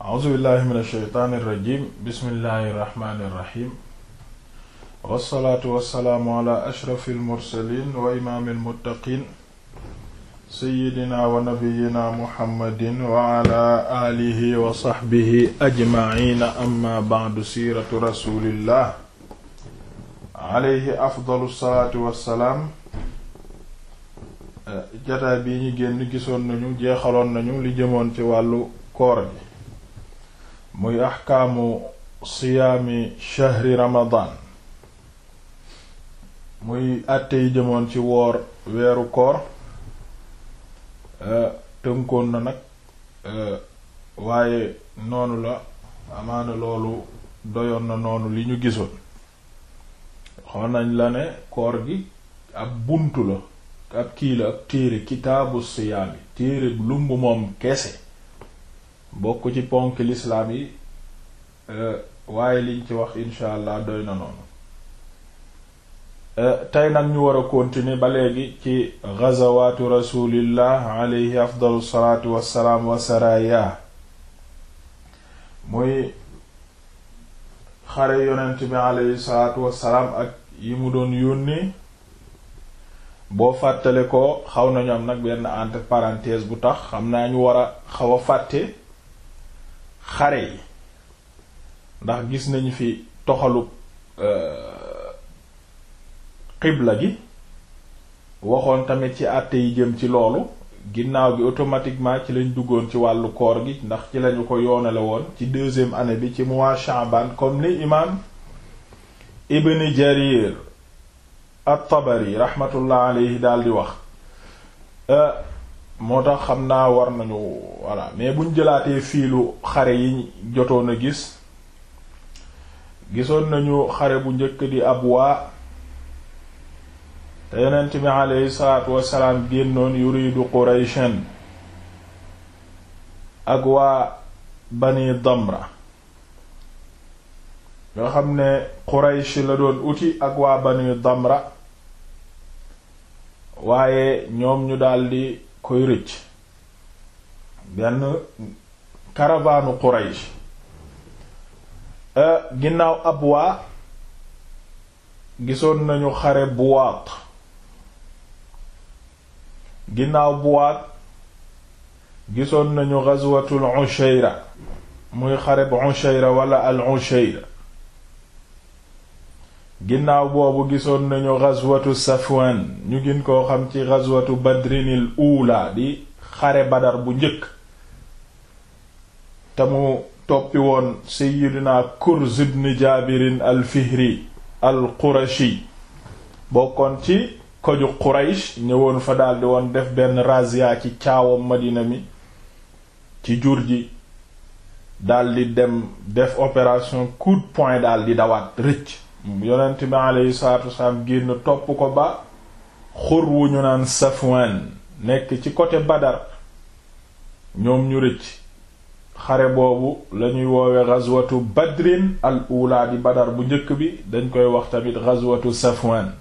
auzubillahi min alsheytaan irrajim bismillahi irrahmani irrahim wassalaatu wassalaamu ala ashrafi almursalin wa imaami almuttaqin seyidina wa nabiyina muhammadin wa ala alihi wa saxbihi ajmaina amma baadu siiratu rasulillah alayhi afdalu salaatu wassalaam eh, jataay bii ñu génn gisoon nañu jeexaloon nañu li jëmoon ci wàllu koor gi muy axkaamu siyaami shahri ramadan muy àtte jëmoon ci woor weeru koor eh, tënkoon na nag eh, waaye noonu la amaana loolu doyoon na noonu li ñu gisoon xool nañ la ne koor gi ab buntu la ab kii la ab téere kitaabu siyaami téere lumb moom kese bokk ci ponk lislaam yi euh, waaye liñ ci wax incha allah doy na noonu euh, tey nag ñu war a continuer ba léegi ci gazawaatu rasulillah alayhi afdalu salaatu wassalaam wa saraya muy xare yonent bi alayhi ak yi mu doon yónnee boo fàttale ko xaw na ñoom nag benn entre parenthèse bu tax xam naa ñu war a xaw a fàtte xare yi ndax gis nañu fi toxalu euh, xibla gi waxoon tamit ci àtte yi jëm ci loolu ginnaaw gi automatiquement ci lañ duggoon ci wàllu koor gi ndax ci lañu ko yoonale woon ci deuxième année bi ci mois Sha'ban comme ni imaam Ibn Jarir at-Tabari rahmatullah alayhi daal di wax. Euh, moo tax xam naa war nañu voilà mais buñ jëlaatee fiilu xare yi jotoon a gis gisoon nañu xare bu njëkk di Abwa te yonent bi aleyhi salaatu wassalaam génnoon yuridu Qurayshan ak waa Bani Damra nga xam ne Quraysh la doon uti ak waa Bani Damra waaye ñoom ñu daldi koy rëcc benn karavaanu Quraysh eh, ginnaaw Abwaa gisoon nañu xare Buwaat ginnaaw Buwaat gisoon nañu ghazwatul Ushayra muy xare bu Ushayra wala al Ushayra ginnaaw boobu gisoon nañu ghazwatu safwan ñu gin koo xam ci ghazwatu badrinil uula di xare badar bu njëkk te mu toppi woon seyyidina kurz ibn jaabirin al fihri al qurashi bokkoon ci koju quraysh ñëwoon fa daldi woon def benn razia ci caawam madina mi ci jur ji daldi dem def opération coup de poing daldi dawaat rëcc yonent bi aleyhi salatu wasalaam génn topp ko ba xur wu ñu naan Safwan nekk ci côté Badar ñoom ñu rëcc xare boobu lañuy woowe ghazwatu badrin al ula di Badar bu njëkk bi dañ koy wax tamit ghazwatu Safwan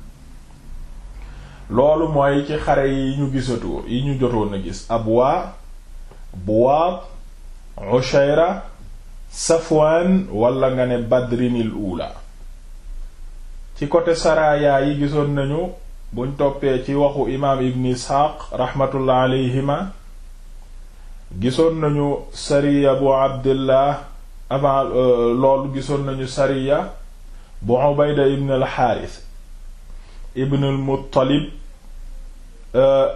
loolu mooy ci xare yi ñu yi ñu jotoon a gis Abwa Buwaat Ushayra Safwan wala nga ne badrinil ula ci côté saraya yi gisoon nañu buñ toppee ci waxu imaam ibn isxaaq raxmatullah alayhima gisoon nañu sariya bu abdillah avant euh, loolu gisoon nañu sariya bu ubayda ibn al xaaris ibn al euh,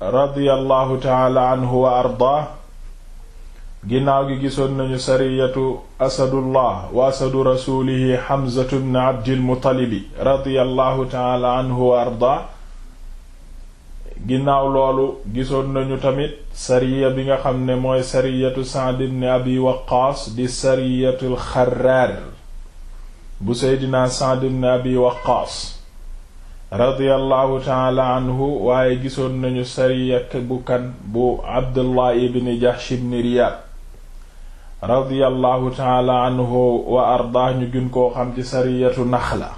radiyallahu taala anhu wa ardaa ginnaaw gi gisoon nañu sariyatu asadullah wa asadu rasulihi xamzatu bn abdilmutalibi radiallahu taala anhu wa arda ginnaaw loolu gisoon nañu tamit sariya bi nga xam ne mooy sariyatu saad bn abi waqaas di sariyatul xaraar bu seydinaa saad bn abi waqaas radiallahu taala anhu waaye gisoon nañu sariya bu kan bu abdullah ibn jahsh ibn riyad radiyallahu taala anhu wa ardaah ñu gën koo xam ci sariyatu la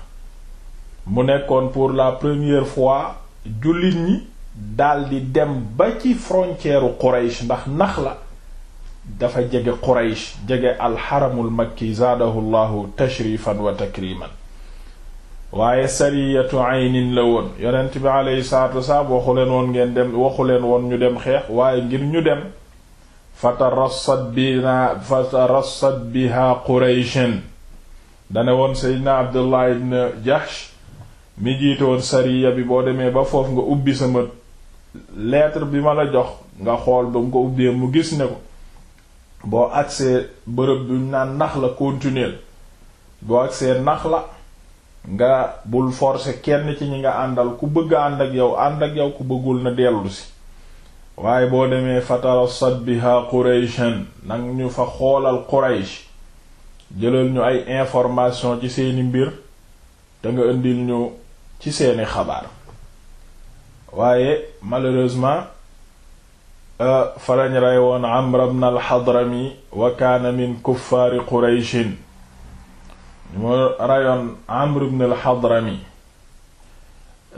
mu nekkoon pour la première fois jullit ñi daldi dem ba ci frontière u Quraysh ndax Naxla dafa jege Quraysh jege alxaramul makki zaadahu llahu tashrifan wa takriman waaye sariyatu aynin la woon yonent bi aleyhi salatu wasalaam waxu ngeen dem waxu leen woon ñu dem xeex waaye ngir ñu dem fatarassat biha fatarassat biha qurayshin dane woon seydna abdullah ibn jahsh mi jiitoon sariya bi boo demee ba foofu nga ubbi sa sama lettre bi ma la jox nga xool ba mu ko ubbee mu gis ne ko boo agsee bërëb bi ñu naan nax la continuer boo agsee nax la nga bul forcer kenn ci ñi nga àndal ku bëgg ànd ak yow ànd ak yow ku bëggul na dellusi waaye boo demee fatara sadbiha qurayshan nag ñu fa xoolal quraysh jëlal ñu ay information ci seeni mbir te nga indil ñu ci seeni xabaar waaye malheureusement euh, fa lañ rey woon amr ibn al-hadrami wa kaana min kuffaari qurayshin mu reyoon amr ibn al-hadrami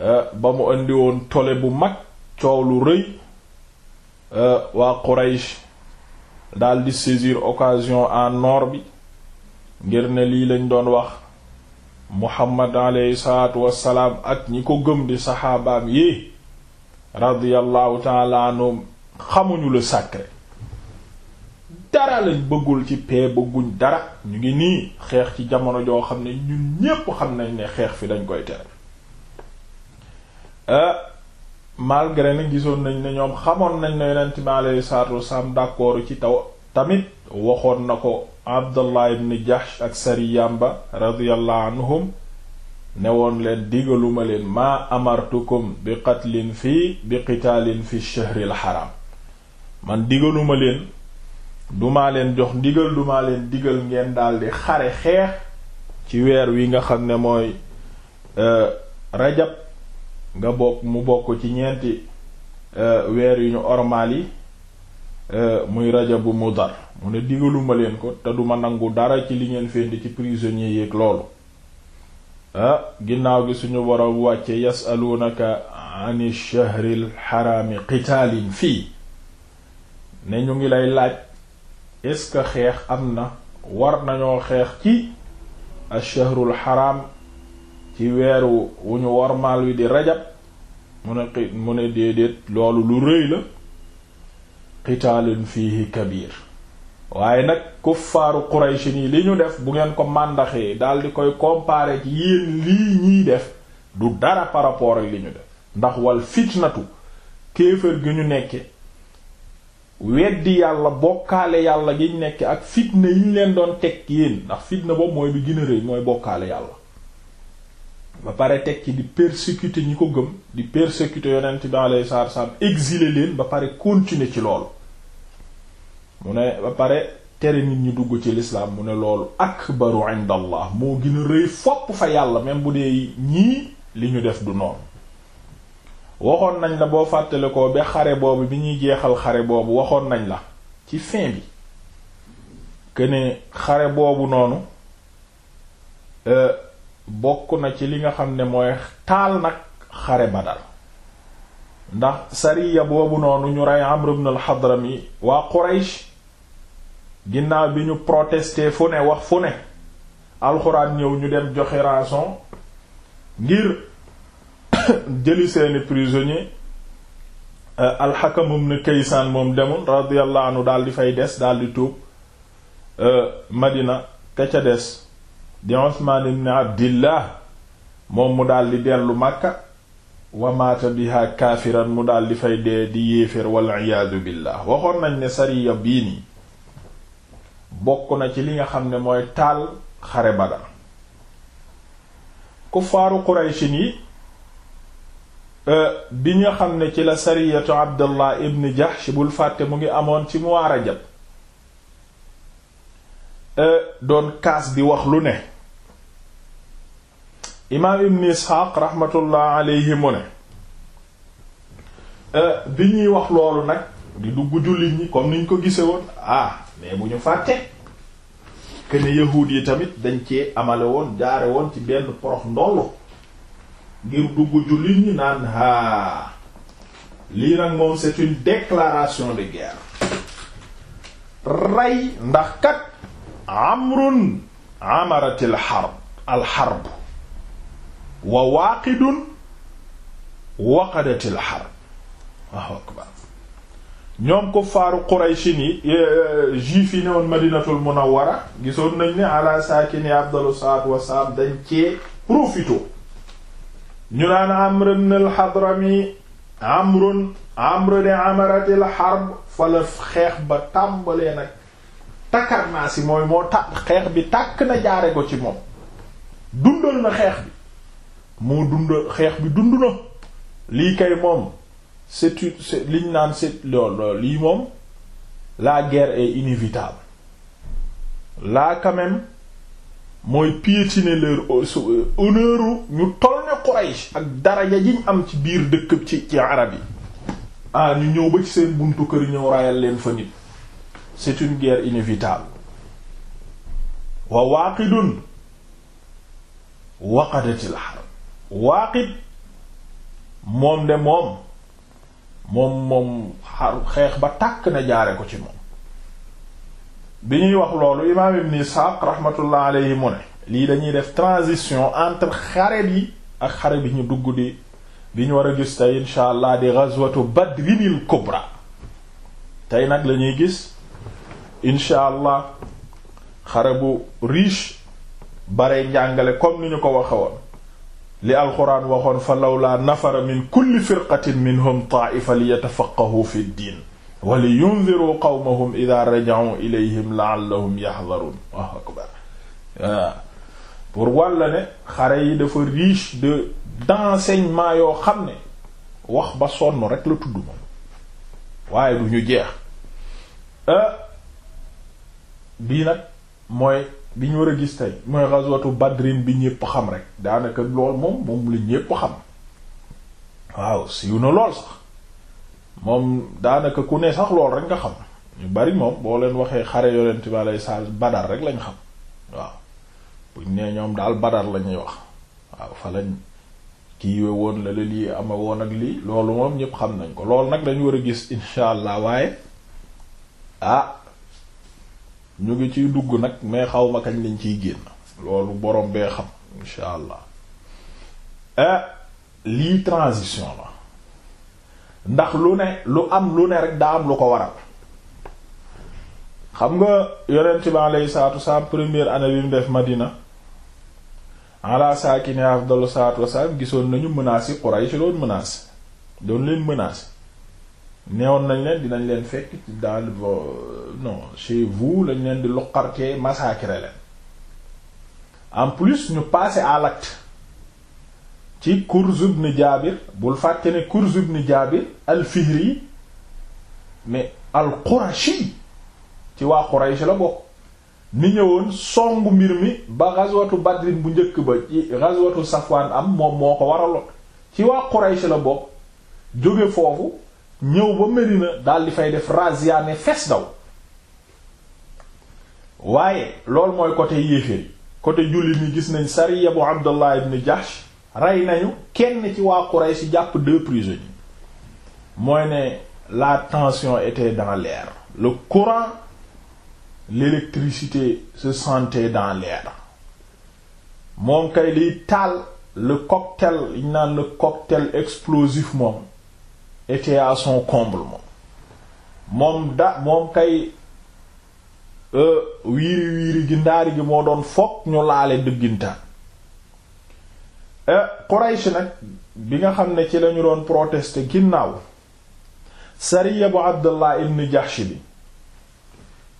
euh, ba mu indi woon tole bu mag coow lu rëy Euh, waa Quraysh daldi di saisir occasion en nord bi ngir ne lii lañ doon wax Muhammad aleyhi salaatu wassalaam ak ñi ko gëm di saxaabaam yi radiyallahu taala xamuñu le sacré dara lañ bëggul ci paix bëgguñ dara ñu ngi nii xeex ci jamono joo xam ne ñun ñépp xam nañ ne xeex fi dañ koy tere euh, malgré ne gisoon nañu ne ñoom xamoon nañ ne yonent bi alayhi salaatu ci taw tamit waxoon na ko Abdallah ibn Jahsh ak sariyam ba radiyallahu anhum ne woon leen digaluma leen maa amartukum bi qatlin fii bi qitaalin fi shahril haram man digaluma leen dumaa leen jox ndigal dumaa leen digal ngeen daldi xare xeex ci weer wi nga xam ne mooy euh, rajab nga bokk mu bokk ci ñeenti euh, weer yu ñu ormaal yi euh, muy rajabu mudar mu ne digaluma leen ko te duma nangu dara ci li ngeen féndi ci prisonnier yéeg loolu ah, ginnaaw gi suñu borom wàcce yasaluunaka ani shahril xaraami qitaalin fii ne ñu ngi lay laaj est-ce que xeex am na war nañoo xeex ci ashahrul xaraam ci weeru wu ñu wormaal wi di rajab mu ne xi mu ne déedéet loolu lu rëy la qitaalun fiihi kabir waaye nag kuffaaru Quraysh nii li ñu def bu ngeen ko màndaxee daal di koy comparer ci yéen lii def du dara par ak li ñu def ndax wal fitnatu kéefër gi ñu nekke weddi yàlla bokkaale yàlla gi ñu nekke ak fitna yi ñu leen doon teg yéen ndax fitna boobu mooy bi gën rëy mooy bokkaale yàlla ba pare teg ci di persécuter ñi ko gëm di persécuter yonent bi alayhi salaatu wa salaam leen ba pare continuer ci loolu mu ne ba pare tere nit ñu dugg ci lislaam mu ne loolu akbaru indallah moo gën a rëy fopp fa yàlla même bu dee ñii li ñu def du noonu waxoon nañ la boo fàttale ko ba xare boobu bi ñuy jeexal xare boobu waxoon nañ la ci fin bi que ne xare boobu noonu euh, bokk na ci li nga xam ne mooy taal nag xare Badar ndax sariya boobu noonu ñu rey Amr ibn al-Hadrami waa Quraysh ginnaaw bi ñu protester fu ne wax fu ne alxuraan ñëw ñu dem joxe rançon ngir jëli seeni prisonnier euh, alxakam ibn Kaysaan moom demul radiyallahu anhu daal di fay des daal di tuub euh, Madina ka ca des di Usmaan ibn Abdillah moom mu daldi dellu Makka wa maata biha kaafiran mu daldi fay dee di yéeféer wal iyaadu billah waxoon nañ ne sariya bii nii bokk na ci li nga xam ne mooy taal xare Badar kuffaaru Qurayshin yi euh, bi nga xam ne ci la sariyatu Abdallah ibn Jahsh bul fàtte mu ngi amoon ci muwaar Rajab euh, doon kaas di wax lu ne imaam ibn isxaaq raxmatullah alayhi mu ne eh, bi ñuy wax loolu nag di dugg jullit ñi comme niñ ko gise woon ah mais bu ñu fàtte que ne yi tamit dañ ci amale woon jaare woon ci benn porox ndollu ngir dugg jullit ñi naan haa ah, lii nag moom c'est une déclaration de guerre rey ndax kat amrun amaratil harb al harb wa waaqidun waqadatil harb waaw akbar ñoom kuffaaru quraychin yi eh, eh, juif yi ne woon madinatul munawwara gisoon nañ ne ala saakini afdalu salaatu wassalaam dañ cee profité ñu naan amr ibn al hadrami amrun amr de amaratil harb fa la xeex ba tàmbalee nag takkar naa si mooy moo tàkk xeex bi tàkk na jaare ko ci moom dundal na xeex bi moo dund xeex bi dund na lii kay moom c'est liñ naan c'est lool lii moom la guerre est inévitable là mooy piétiner leur euh, honneur ñu toll ne Quraysh ak daraja jiñ am ci biir dëkk ci arab yi ah ñu ñëw ba ci seen buntu kër ñëw rayal leen fa nit c'est une guerre inévitable wa waaqidun waqadatil harb Waaqid moom de moom moom moom xar xeex ba tàkk na jaare ko ci moom bi ñuy wax loolu imaam ibn Isxaaq rahmatullah alayhi mu ne lii dañuy def transition entre xare bi ak xare bi ñu dugg di bi ñu war a gis tey insha allah di ghazwatu Badrinil Kubra tey nag lañuy gis insha allah xare bu riche bare njàngale comme ni ñu ko waxe li alquran waxoon fa lawlaa nafara min kulli firqatin minhum taa'ifa li yatafaqqahu fi diin wa li yundiru qawmahum idaa raja'u ilayhim la'allahum yahdaruun Allahu akbar pour wàlla ne xare yi dafa riche de d'enseignement yoo xam ne wax ba sonn rek la tudd moom waaye du ñu jeex euh, bii nag mooy bi ñu war a gis tey mooy ghazwatu badrin bi ñépp xam rek daanaka lool moom moom la ñépp xam waaw siiw na lool sax moom daanaka ku ne sax lool rek nga xam ñu bari moom boo leen waxee xare yonent bi alayhi salaam rek lañ xam waaw nee ñoom daal badar la ñuy wax waaw fa lañ kii we woon la la lii ama woon ak lii loolu moom ñépp xam nañ ko lool nag dañu war a gis incha allah waaye ah ñu ngi ciy dugg nag mais xaw ma kañ lañ ciy génn loolu borom bee xam incha allah ah lii transition la ndax lu ne lu am lu ne rek daa am lu ko waral xam nga yonent bi alayhi salaatu wasalaam première année bi mu def Madina ala saakini afdalu salaatu wasalaam gisoon nañu menaces yi ci loolu menace doon leen menace neewoon nañ leen dinañ leen fekk ci daal non chez vous lañ leen di loqarkee massacrer leen en plus ñu passer à l'acte ci Kurz ibn Jaabir bul fàtte ne Kurz ibn Jaabir al-Fihri mais al-Qurashi ci waa Quraysh la bokk ni ñëwoon songu mbir mi ba ghazwatu Badrin bu njëkk ba ci ghazwatu Safwan am moom moo ko waraloon ci waa Quraysh la bokk jóge foofu ñëw ba Medina daal di fay def razzia ne fes daw waaye loolu mooy côté yéeféer côté jullit ni gis nañ sariya bu Abdullah ibn Jahsh rey nañu kenn ci waa Quraysh si jàpp deux prisonniers mooy ne la tension était dans l'air le courant l'électricité se sentait dans l'air moom kay liy taal le cocktail liñ naan le cocktail explosif moom était à son comble moom da moom kay e, wiiri wiiri gi gi moo doon fokk ñu laale dëggintaan e, Quraysh nag bi nga xam ne ci lañu doon protester ginnaaw sariya bu Abdullah ibn Jahsh bi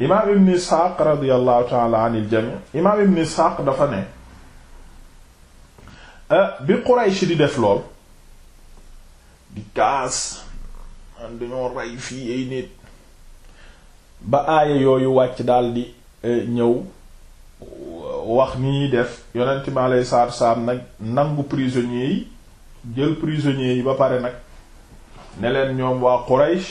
imaam ibn Isxaaq radiyallahu taala anil jami imaam ibn Isxaaq dafa ne e, bi Quraysh di def lool di kaas man dañoo rey fii ay nit ba aaya yooyu wàcc daldi eh, ñëw wax ni ñuy def yonent bi aleyhi salaatu salaam nag nangu prisonniers yi jël prisonniers yi ba pare nag ne leen ñoom waa Quraysh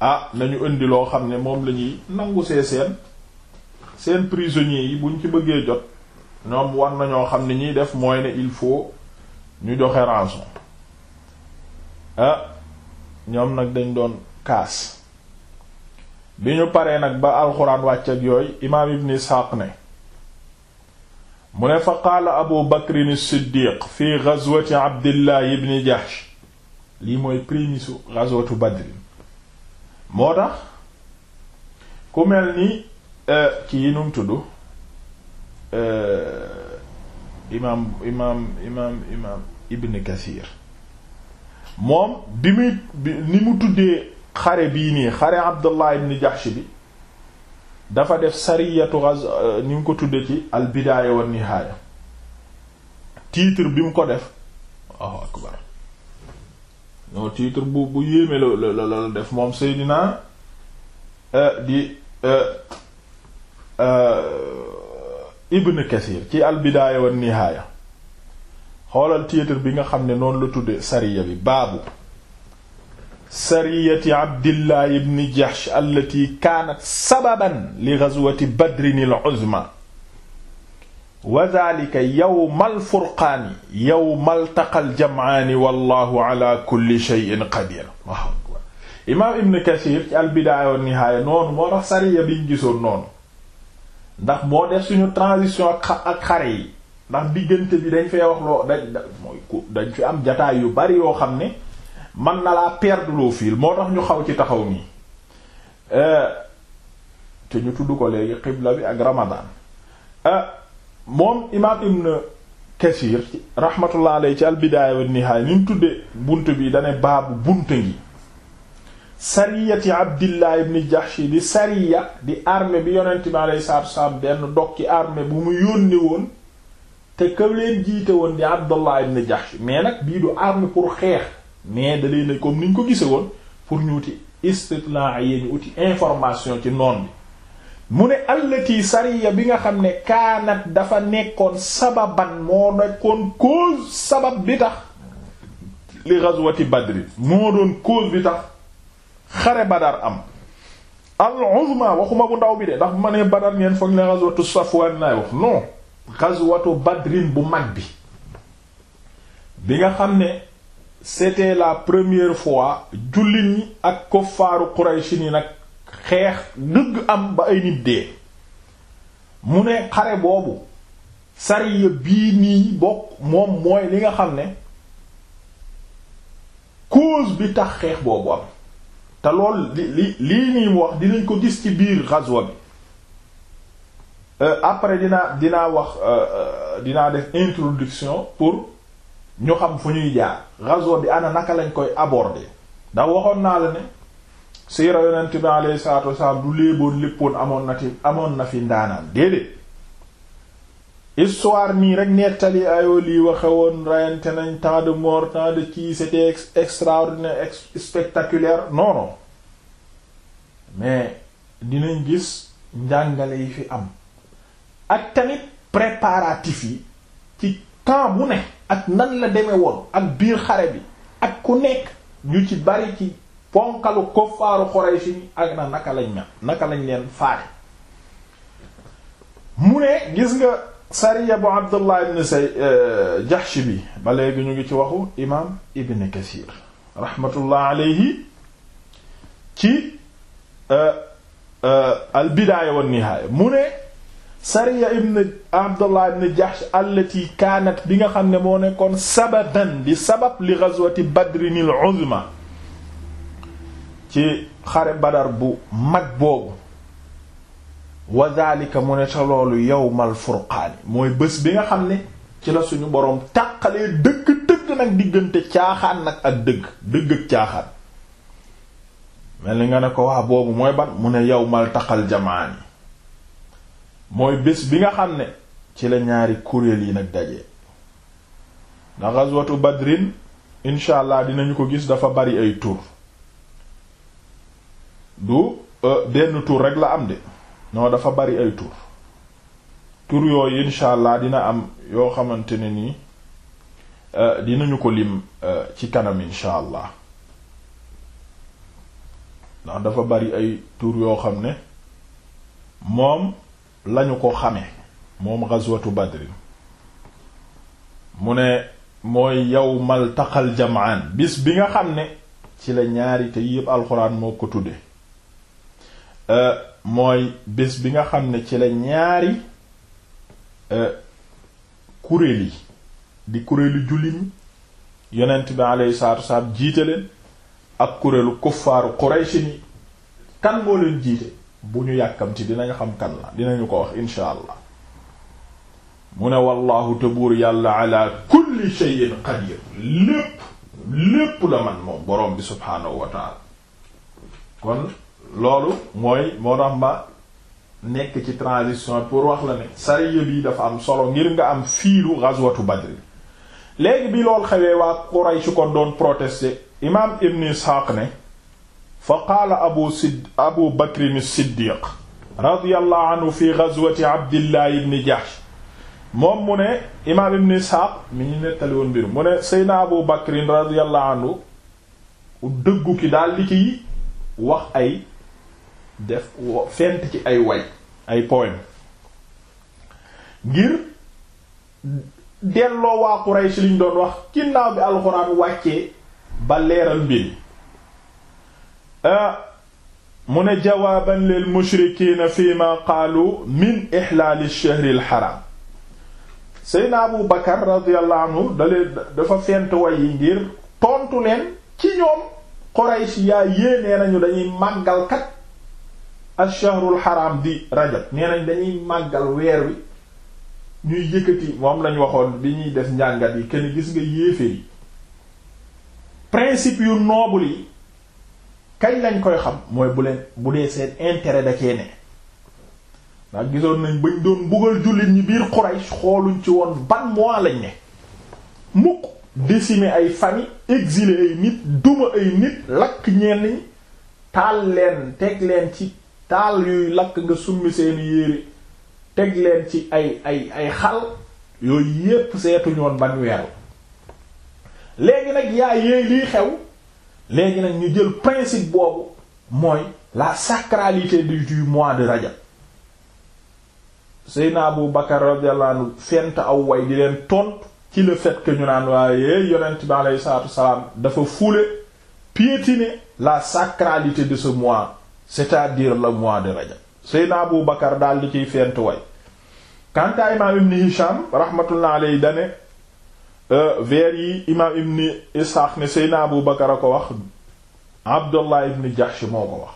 ah nañu indi loo xam ne moom la ñuy nangu see seen seen prisonniers yi buñ ci bëggee jot ñoom war nañoo xam ne ñuy def mooy ne il faut ñu joxe rançon ah ñoom nag dañ doon kaas bi ñu paree nag ba alxuraan wàcc ak yooyu imaam ibn isxaaq ne mu ne fa qaala abu bakrin siddiq fi gazwati abdillahi ibn jahsh lii mooy prémisu gazwatu badrin moo tax ku mel ni eh, kii num tudd eh, imaam imaam imaam ibn kathir moom bi muy ni mu tuddee xare bii nii xare Abdullah ibn Jahsh bi dafa def sariyatu ghaz euh, ni mu ko tuddee ci al bidaaya wan nihaaya titre bi mu ko def waaw bu bu yéeme la la la def moom Seydina euh, di euh, Ibn Kathir ci al bidaaya wan nihaaya xoolal titre bi nga xam ne noonu la tudde sariya bi baabu sariyati abdillah ibn jahsh allati kaanat sababan li ghazwati badrin al-uzma wa dhalika yawma al-furqaani yawma altaqa al-jam'aani wallahu ala kulli shay'in qadir waaw imaam ibn kathir ci al-bidaaya wa nihaaya noonu moo tax sariya biñ gisoon noonu ndax moo def suñu transition ak xare yi ndax diggante bi dañ fee wax loo dañ mooy ku dañ fi am jataay yu bari yoo xam ne man na laa perdre le fil moo tax ñu xaw ci taxaw nii euh, te ñu tudd ko léegi xibla bi ak ramadan euh, moom imaam ibn Kasiir rahmatullah alayhi ci albidaaya wa nihaaya ni tuddee bunt bi dane baabu bunt ngi sariyati abdillah ibn jahshi di sariya di armée bi yonent bi alayhi salaatu wa salaam benn dokki armée bu mu yónni woon te kaw leen jiite woon di Abdallah ibn Jahsh mais nag bii du arme pour xeex mais da leen comme ni ñu ko gise woon pour ñu uti istitla yee ñu uti information ci noon bi mu ne allati sariya bi nga xam ne kaanat dafa nekkoon sababan moo nekkoon cause sabab bi tax li ghazwati badri moo doon cause bi tax xare badar am al uzma waxuma bu ndaw bi de ndax ma nee badar ngeen foog ne ghazwatu safwan naay wax non ghazwatu badrin bu mag bi bi nga xam ne c'était la première fois jullit ñi ak kuffaaru Quraysh ni nag xeex dëgg am ba ay nit dee mu ne xare boobu sariya bii nii bokk moom mooy li nga xam ne cause bi tax xeex boobu am te lool lii nii wax dinañ ko gis ci biir ghazwa bi Euh, après dinaa dinaa wax euh, euh, dinaa def introduction pour ñu xam fu ñuy jaar ghazwa bi ana naka lañ koy aborder ndax waxoon naa la ne siira yonent bi alayhi salaatu wasalaam du léeboon léppoon amoon na ti amoon na fi ndaanaan déedéet histoire nii rek nettali ayoo lii waxe woon reyante nañ temps de mort tant de kii c'était extraordinaire spectaculaire non non mais dinañ gis njàngale yi fi am ak tamit préparatifs yi ci temps bu ne ak nan la demee woon ak biir xare bi ak ku nekk ñu ci bari ci ponkalu koffaaru Quraysh yi ak na naka lañ mel naka lañ leen faate mu ne gis nga sariya bu Abdullah ibn say euh, Jahsh bi ba léegi ñu ngi ci waxu imaam Ibn Kasir rahmatullah alayhi ci euh, euh, al bidaaya wan nihaaya sariya ibn abdullah ibn jahsh allati kaanat bi nga xam ne moo nekkoon sababan di sabab li ghazwati badrinil uzma ci xare bu mag boobu wa dhalika mu ne te loolu yawmal furqaani mooy bés bi nga xam ne ci la suñu boroom tàqalee dëgg-dëgg nag diggante caaxaan nag ak dëgg dëgg ak caaxaan mel ni nga ne ko wax boobu mooy ban mu ne yawmal taqal jamaani mooy bés bi nga xam ne ci la ñaari kuréel yi nag daje ndax ghazwatu badrin incha allah dinañu ko gis dafa bari ay tur du euh, benn tur rek la am de non dafa bari ay tur tur yooyu incha allah dina am yoo xamante ne nii euh, dinañu ko lim euh, ci kanam incha allah ndax dafa bari ay tur yoo xam ne moom lañu ko xame moom ghazwatu badrin mu ne mooy yawmal taxal jamaan bis bi nga xam ne ci la ñaari te yépp alxuraan moo ko tudde euh, mooy bis bi nga xam ne ci la ñaari euh, kuréel di kuréelu jullit ñi yonent bi alayhi salaatu wasalaam jiite leen ak kuréelu kuffaaru Quraysh ni kan moo leen jiite bu ñu yàkkamti dinañ xam kan la dinañu ko wax insha allah mu ne wallaahu te buur yàlla ala kulli shay'in qadir lépp lépp la man moom borom bi subhaanahu wa kon loolu mooy moo tax ma nekk ci transition pour wax la ne sariya bi dafa am solo ngir nga am fiilu ghazwatu badri léegi bi lool xewee waa Quraysh ko doon protester imaam Ibn Ishaq ne fa qaala abu sid abu bakrin siddiq radiyallahu anhu fi ghazwati abdillahi ibn jahsh moom mu ne imaam ibn isxaaq mi ñu nettali woon mbir mu ne seydna abu bakrin radiyallahu anhu dëggu ki daal li kiy wax ay def fent ci ay way ay poème ngir delloo waa Quraysh liñ doon wax ginnaaw bi alxuraan wàccee ba leeral mbir Ah, mu ne jawaaban lil mushrikiina fi ma qaalu min ihlaali shahri alxaram seydna abu bakar radiyallahu anhu dalee dafa fent way yi ngir tontu leen ci ñoom quraysh yaa yée nee nañu dañuy màggal kat ash-shahrul haram di rajab nee nañ dañuy màggal weer wi ñuy yëkkati moom lañ waxoon bi ñuy des njàngat yi kenn gis nga yéeféer yi principe yu noble yi kañ lañ koy xam mooy bu leen bu dee seen intérêt da cee ndax gisoon nañ bañ doon buggal jullit ñi biir Quraysh xooluñ ci woon ban mois lañ ne mukk décimer ay famille exiler ay nit duma ay nit lakk ñenn ñi taal leen teg leen ci taal yuy lakk nga summi seeni yére teg leen ci ay ay ay xal yooyu yépp seetuñoon ban weeru léegi nag yaa yee liy xew léegi nag ñu jël principe boobu mooy la sacralité du du mois de rajab Seydina Abu Bakar radiyallahu anhu fent aw way di leen tontu ci le fait que ñu naan waaye yonent bi aleyhi salaatu wasalaam dafa foule piétiner la sacralité de ce mois c'est-à-dire le mois de rajab Seydina Abu Bakar daal di ciy fent way quant à Imaam Ibn rahmatullah alayhi dane vers euh, yi imaam ibn Isxaaq ne Seydina Abu Bakar a ko wax Abdullah ibn Jahsh moo ko wax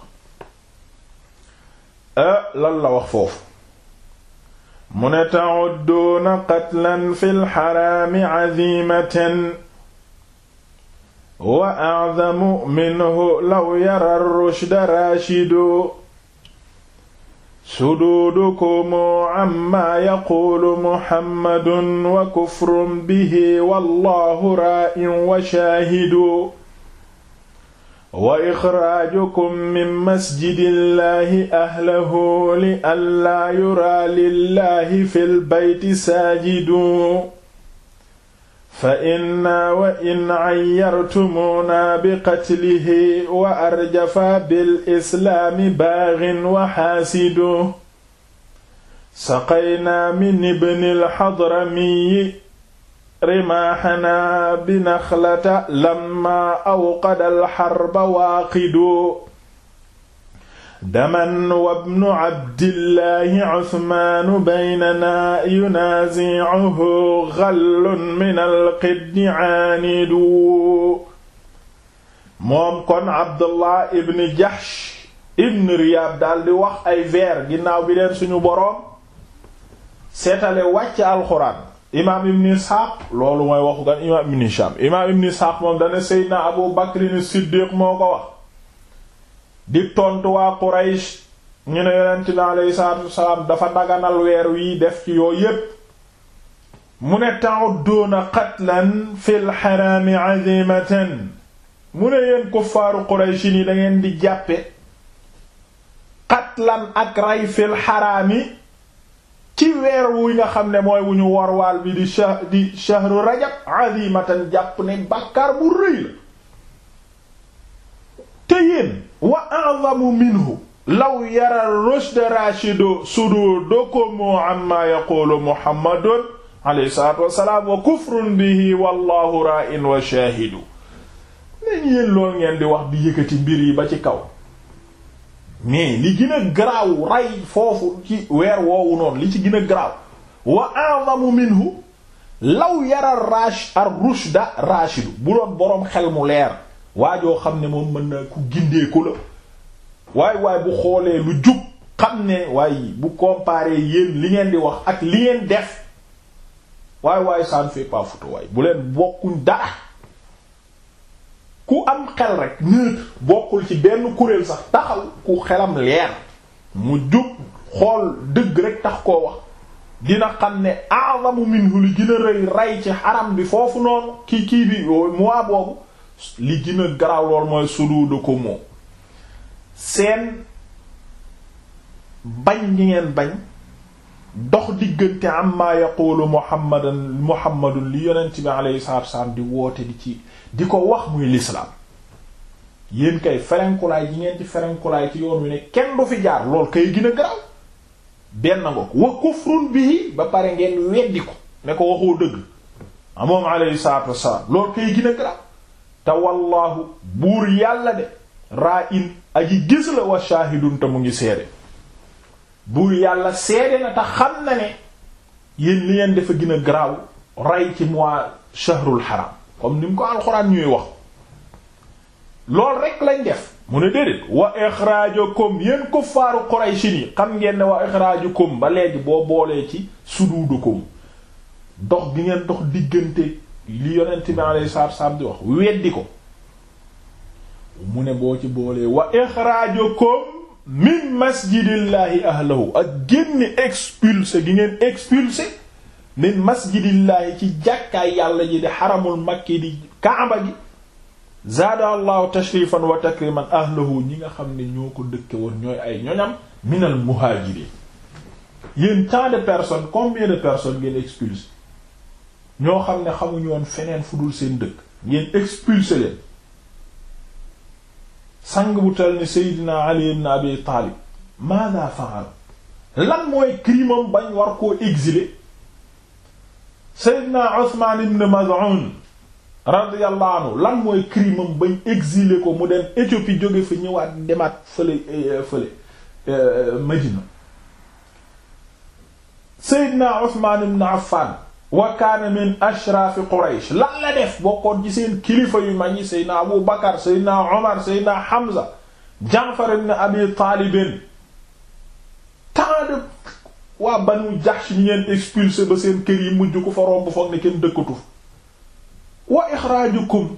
euh, lan la wax foofu mu ne ta'udduuna qatlan fil xaraami azimatan wa a'zamu minhu law yara rushda raashidu suduudukum amma yaqulu muhammadun wa kufrun bihi wallahu raa'in wa shaahidu wa ixraajukum min masjidillahi ahlahu li allaa yuraa lillahi fil bayti saajidu fa inna wa in cayyartumuuna biqatlihi wa arjafa bilislaami baaxin wa xaasidu saqaynaa min ibni alxadramiyi rimaaxanaa binaxlata lamma awqada alxarba waaqidu daman wabnu abdillahi usmaanu baynana yunazi'uhu xallun min alqiddi aanidu moom kon abdullah ibn jahsh ibn riyaab daldi wax ay veer ginnaaw bi leen suñu boroom seetale wàcc alxuraan imaam ibn isxaaq loolu mooy waxu gan imaam ibn hishaam imaam ibn isxaaq moom dana seydina abu bakrin siddiq moo ko wax di tontu waa Quraysh ñu ne yonent bi aleyhi salaatu wasalaam dafa daganal weer wi def ci yooyu yépp mu ne ta'udduuna qatlan fil xaraami azimatan mu ne yéen kuffaaru Quraysh ni da di jàppe qatlan ak rey fil xaraami ci weer wu nga xam ne mooy wu ñu warwaal bi di sha di shahru rajab azimatan jàpp ne bàkkaar bu rëy la te yéen wa a'zamu minhu law yara rushd rashidu sududukum amma yaqulu muhammadun alayhi salaatu wassalaam wa kufrun bihi wallahu wa shaahidu nañ yéen lool ngeen di wax di yëkkati mbir yi ba ci kaw mais li gën a rey foofu ci weer woowu noonu li ci gën a garaaw wa a'zamu minhu law yara rash ar rushda rashidu bu doon boroom xel mu leer waa joo xam ne moom mën na ku gindeeku la waaye waaye bu xoolee lu jub xam ne waaye bu comparer yéen li ngeen di wax ak li ngeen def waaye waaye ça ne fait pas photo waaye bu leen bokkuñ dara ku am xel rek neutre bokkul ci benn kuréel sax taxaw ku xelam leer mu jub xool dëgg rek tax koo wax dina xam ne a'zamu minhu li gën a rëy rey ci xaram bi foofu noonu ki kii bi mooy mois boobu li gën a garaaw lool mooy suduudu ko moom seen bañ gi ngeen bañ dox diggante amma yaqulu muhammadan muhammadun li yonent bi alayhi salaatu wasalaam di woote di ci di ko wax muy lislaam yéen kay ferenkulaay yi ngeen ci ferenkulaay ci yoon wi ne kenn du fi jaar lool kay gën garaaw benn nga ko wa kufrun bii ba pare ngeen weddi ko ne ko waxoo dëgg amoom alayhi salaatu wasalaam lool kay gën garaaw te wallaahu buur yàlla de raa in aji gis la wa shaahidun te mu ngi seede buur yàlla seede na te xam na ne yéen li ngeen dafa gën a garaaw rey ci mois shahrul haram comme ni mu ko alxuraan ñuy wax lool rek lañ def mu ne déedéet wa ixraajukum yéen kuffaaru Quraysh ni xam ngeen ne wa koom ba léegi boo boolee ci suduudukum dox gi ngeen dox diggante li yonent bi alayhi salaatu wassalaam di wax weddi ko mu ne boo ci boolee wa ixraajukum min masjidillaahi ahlahu ak génne expulsé gi ngeen expulsé min masjidillaahi ci jàkkaay yàlla ji di xaramul makki di kaaba gi zaada allahu tashrifan wa takriman ahlahu ñi nga xam ne ñoo ko dëkke woon ñooy ay ñoñam minal muhaajiriin yéen tant de personnes combien de personnes ngeen expulsé ñoo xam ne xamuñu woon feneen fu dul seen dëkk ngeen expulsé leen sang bu tal ni Seydina Ali ibn Abi Taalib maada faal lan mooy crimam bañ war koo exiler Seydina Usmaan ibn Maz'un radiyallahu anhu lan mooy crimam bañ exiler ko mu dem Éthiopie jóge fa ñëwaat demaat fële eh, fële eh, Madina Seydina Usmaan ibn Affan wa kaana min ashraafi quraysh lan def bokkoon ci seen kilifa yu mag yi seydna abu bakar seydna hamza janfar ibn abi taalibin tant de waa banu jahsh ñi ngeen expulsé ba seen kër yi mujj fa romb foog ne kenn dëkkatu wa ixraajukum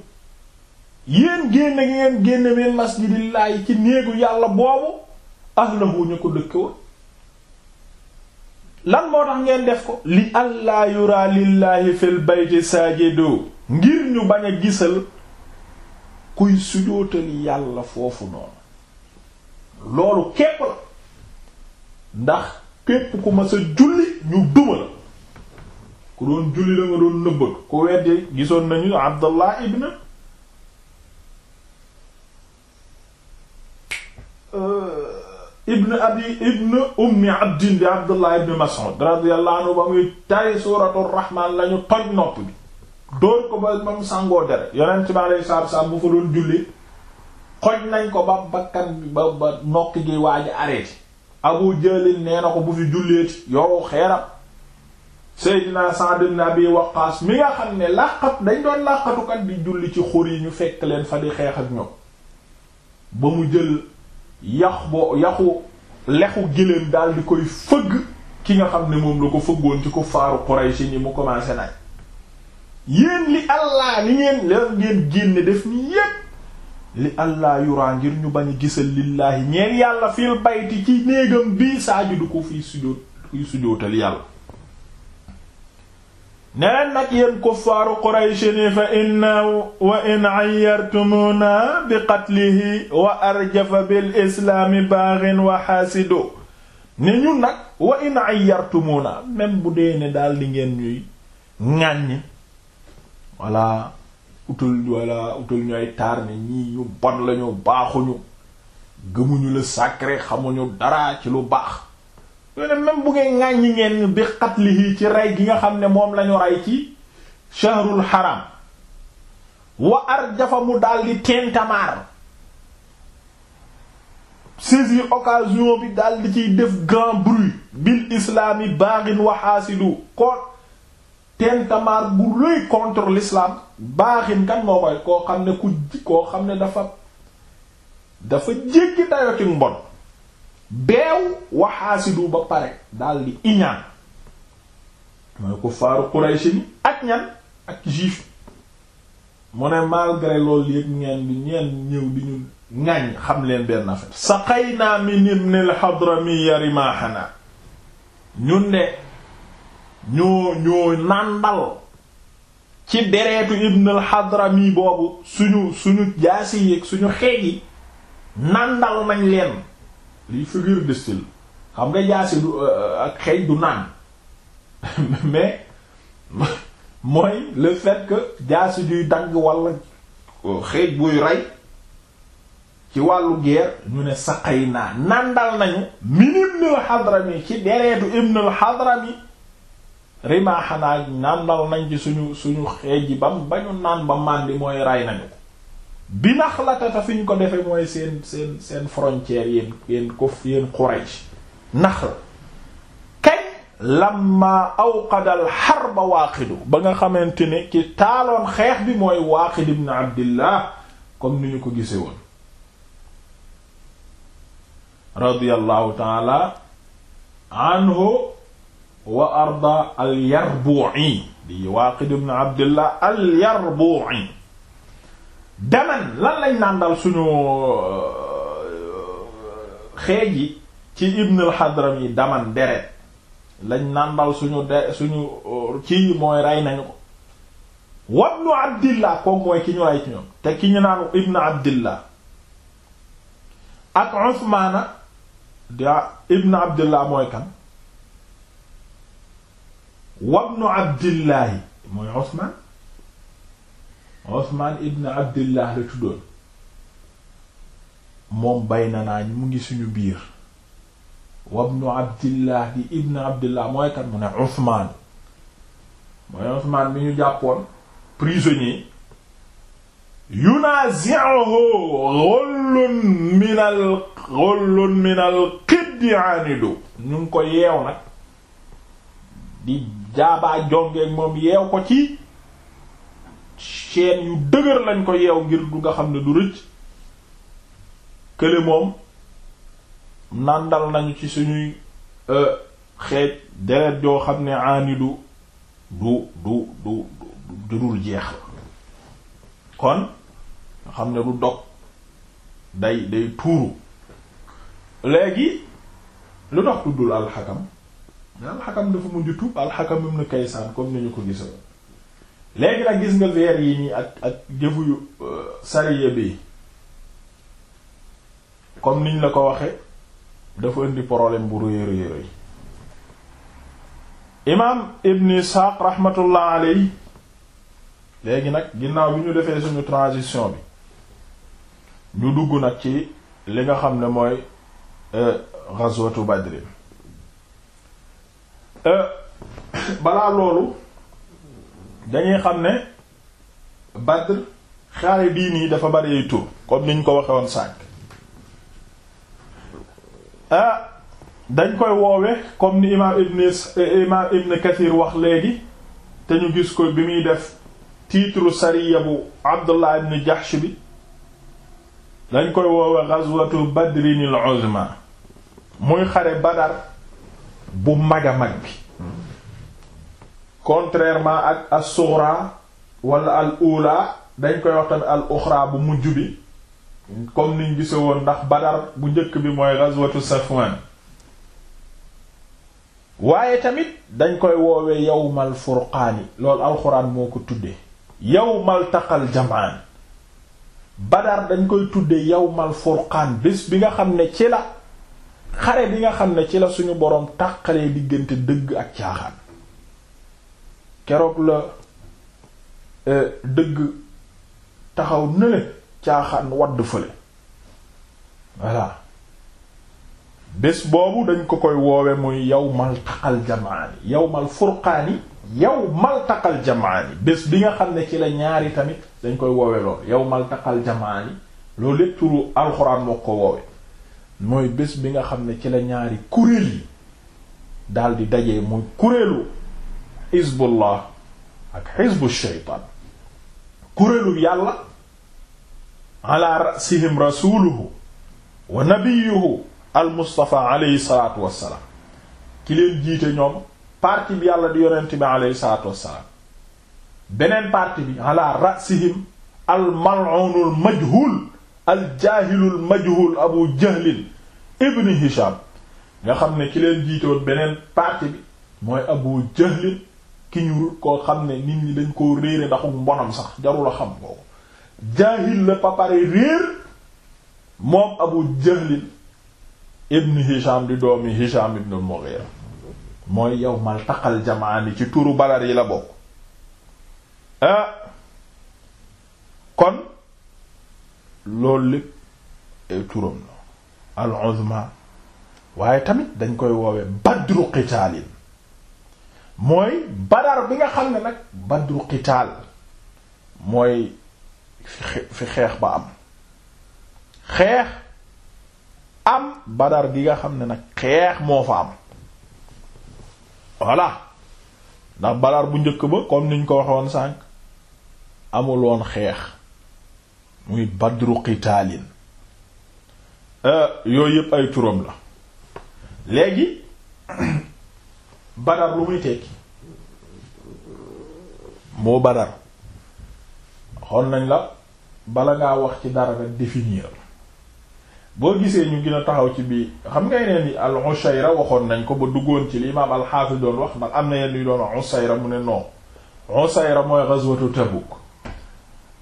yéen génn ngeen génn min masjidillaahi ci néegu yàlla boobu ahlahu ñu ko dëkk lan moo tax ngeen def ko li allah yura lillahi fil bayti sajidu ngir ñu bañ a gisal kuy sujootal yàlla foofu noonu loolu képp la ndax képp ku ma sa julli ñu duma la ku doon julli la doon nëbbatu ku weddi gisoon nañu abdallah ibn euh, ibn abi ibn ummi abdin bi abdullah ibn mas'ud radiyallahu anhu ba muy tay suuratul lañu toj nopp bi dóor ko ba moom sàngoo dere yonent bi alayhi salaatu salaam bu fa doon julli xoj nañ ko ba bakkan bi ba ba nokki gi waaj arrêté abu jëlin nee ko bu fi julleeti yow xeeram seydina Sa'd ibn Abi Waqqas mi nga xam ne làqat dañ doon làqatukat di julli ci xur yi ñu fekk leen fa di xeex ak ñoom ba mu jël yax bo yaxu lexu gëléem daal di koy fëgg ki nga xam ne moom la ko fëggoon ci ko faaru Quraysh ni mu commencé nañ yéen li allah li ngeen leer ngeen génne def ni yépp li allah yuraa ngir ñu bañ a gisal lillaahi ñeen yàlla fil bayti ci néegam bii saaju du ko fiy sujjóot fiy sujjóotal yàlla ne leen nag yéen kuffaaru qurayshini fa inna wa in ayyartumuna bi qatlihi wa arjafa bil baaxin wa xaasido ne ñun nag wa in ayyartumuna même bu dee ne daal di ngeen ñuy ŋàññ walla utul walla utul ñooy taar ne ñii ñu bon lañu baaxuñu gëmuñu la sacré xamuñu dara ci lu baax ne même bu ngeen ŋàññi ngeen bi xatlihi ci rey gi nga xam ne moom lañu rey ci shahrul haram wa arjafa mu daldi tentamar saisir occasion bi daldi ciy def grand bruit bil islaami baaxin wa xaasidu ko tentamar bu rëy contre l'islam baaxin kan moo koy koo xam ne ku koo xam ne dafa dafa jéggi dayo ci mbon beew waxaasidu ba pare daal iñaan mooy ko faaru Quraysh ak ñan ak juif mu ne malgré loolu yëpp ngeen di ñeen ñëw di ñu ŋàññ xam leen benn affaire saqaynaa min ibn al-Hadrami rimaahana ñun de ñoo ñoo nàndal ci dereetu ibn hadrami boobu suñu suñu jaasi yi suñu xeej yi nàndal nañ leen lii figure de style xam nga yaasi du euh, euh, ak xeej du naan mais mooy le fait que jaasi duy dagg walla euh, xeej buy rey ci wàllu guerre ñu ne saqay naa nàndal nañu min ibn al Hadrami ci dereetu ibn al Hadrami rimaa xanaa nandal nañ ci suñu suñu xeej yi ba bañu naan ba màndi mooy rey nañu bi Naxlatata fi ñu ko defee mooy seen seen seen frontière yéen yéen ko yéen Quraysh Naxla kay lamma awqadal harba ba nga xamante ne ki taaloon xeex bi mooy Waaqid ibn Abdillah comme ni ñu ko gise woon radiyallahu taala anhu wa arda al-Yarbu'i di Waaqid ibn Abdillah al-Yarbu'i demen lan lañ nàndal suñu euh, xeej yi ci Ibn al yi daman deret lañ nàndal suñu de suñu ci euh, mooy rey nañu ko wabnu abdillah ko mooy ki ñu ci ñoom te ki naan ibnu abdillah ak usmaana da ibnu abdillah mooy kan wabnu abdillahi mooy usmaan Usmaan ibn Abdillah la tuddoon moom bay na naa mu ngi suñu biir wabnu Abdillah di ibn Abdillah mooy kan mu ne Usmaan mooy Usmaan bi ñu jàppoon prisonnier yunazi'uhu ghullun min al ghullun min al qiddi aanidu ñu ngi ko yeew nag di jaabaa jongeeg moom yeew ko ci chaîne yu dëgër lañ ko yeew ngir du nga xam ne du rëcc kële moom nàndal nañu ci suñuy euh, xeej deret yoo xam ne aanidu du du du du dul jeex la kon nga xam ne du dog day day tuuru léegi lu tax tuddul alxakam alxakam dafa mujj tuub alxakam ibn Kaysaan comme ni ñu ko gisal léegi nag gis nga weer yi nii ak ak jëfu yu euh, sariya bi comme niñ la ko waxee dafa indi problème bu rëy rëy rëy imaam ibn Isxaaq rahmatullah alayhi léegi nag ginnaaw bi ñu defee suñu transition bi ñu dugg nag ci li nga xam ne mooy euh, ghazwatu Badr euh, balaa loolu dañuy xam ne Badr xare bii nii dafa bari ay tur comme niñ ko waxe woon sànq ah dañ koy woowe comme ni imaam ibn imaam ibn Kathir wax léegi te ñu gis ko bi muy def titre sariya bu Abdullah ibn Jahsh bi dañ koy woowe ghazwatu Badrinil uzma muy xare Badar bu mag a mag bi contrairement ak as-sughra wala al ula dañ koy wax tamit al uxra bu mujj bi comme niñ gise woon ndax badar bu njëkk bi mooy ghazwatu safwan waaye tamit dañ koy woowee yawmal furqaani loolu alxuraan moo ko tuddee yawmal taqal jamaan badar dañ koy tuddee mal furqaan bés bi nga xam ne ci la xare bi nga xam ne ci la suñu boroom tàqalee diggante dëgg ak caaxaan keroog la e, dëgg taxaw nële caaxaan wadd fële voilà bés boobu dañ ko koy woowe muy yawmal taqal jamaani yawmal furqaani yawmal takkal jamaani bés bi nga xam ne ci la ñaari tamit dañ koy woowe lool mal taqal jamaani loolu lépp turu alxuraan moo ko woowe mooy bés bi nga xam ne ci la ñaari kuréel yi daldi dajee muy kuréelu xizbullah ak xizbu shaytaan kuréelu yàlla ala rasihim rasuluhu wa nabiyuhu al mustafa alayhi salaatu wassalaam ki leen jiite ñoom parti bi yàlla di yonent bi alayhi salaatu wassalaam beneen parti bi ala rasihim al mal'unul majhul al jaahilul majhul abu jahlin ibn hisham nga xam ne ki leen jiitoon beneen parti bi mooy abu jahlin ki ñu koo xam ne nit ñi dañ koo réere ndaxu mbonam sax jarul a xam kooku jaahil la papare réer moom abu jahlin ibn hisham di doomi hisham ibn al-mughira mooy yow mal taqal jamaani ci turu balar yi la bokk ah, kon loolu lépp eh, turam la al-uzma waaye tamit dañ koy woowe badru qitaalin mooy badar bi nga xam ne nag badru qitaal mooy fi xeex ba am xeex am badar bi nga xam ne nag xeex moo fa am voilà ndax badar bu njëkk ba comme niñ ko waxoon sànq amul woon xeex muy badru qitaalin euh, yooyu yépp ay turam la léegi badar lu muy tekki moo badar xon nañ la bala ngaa wax ci dara rek définir boo gisee ñu gina taxaw ci bii xam ngay nee ni al ushayra waxoon nañ ko ba duggoon ci lii imaam al doon wax ndax am na yenn yu doon wax ushayra mu ne non ushayra mooy ghazwatu tabuk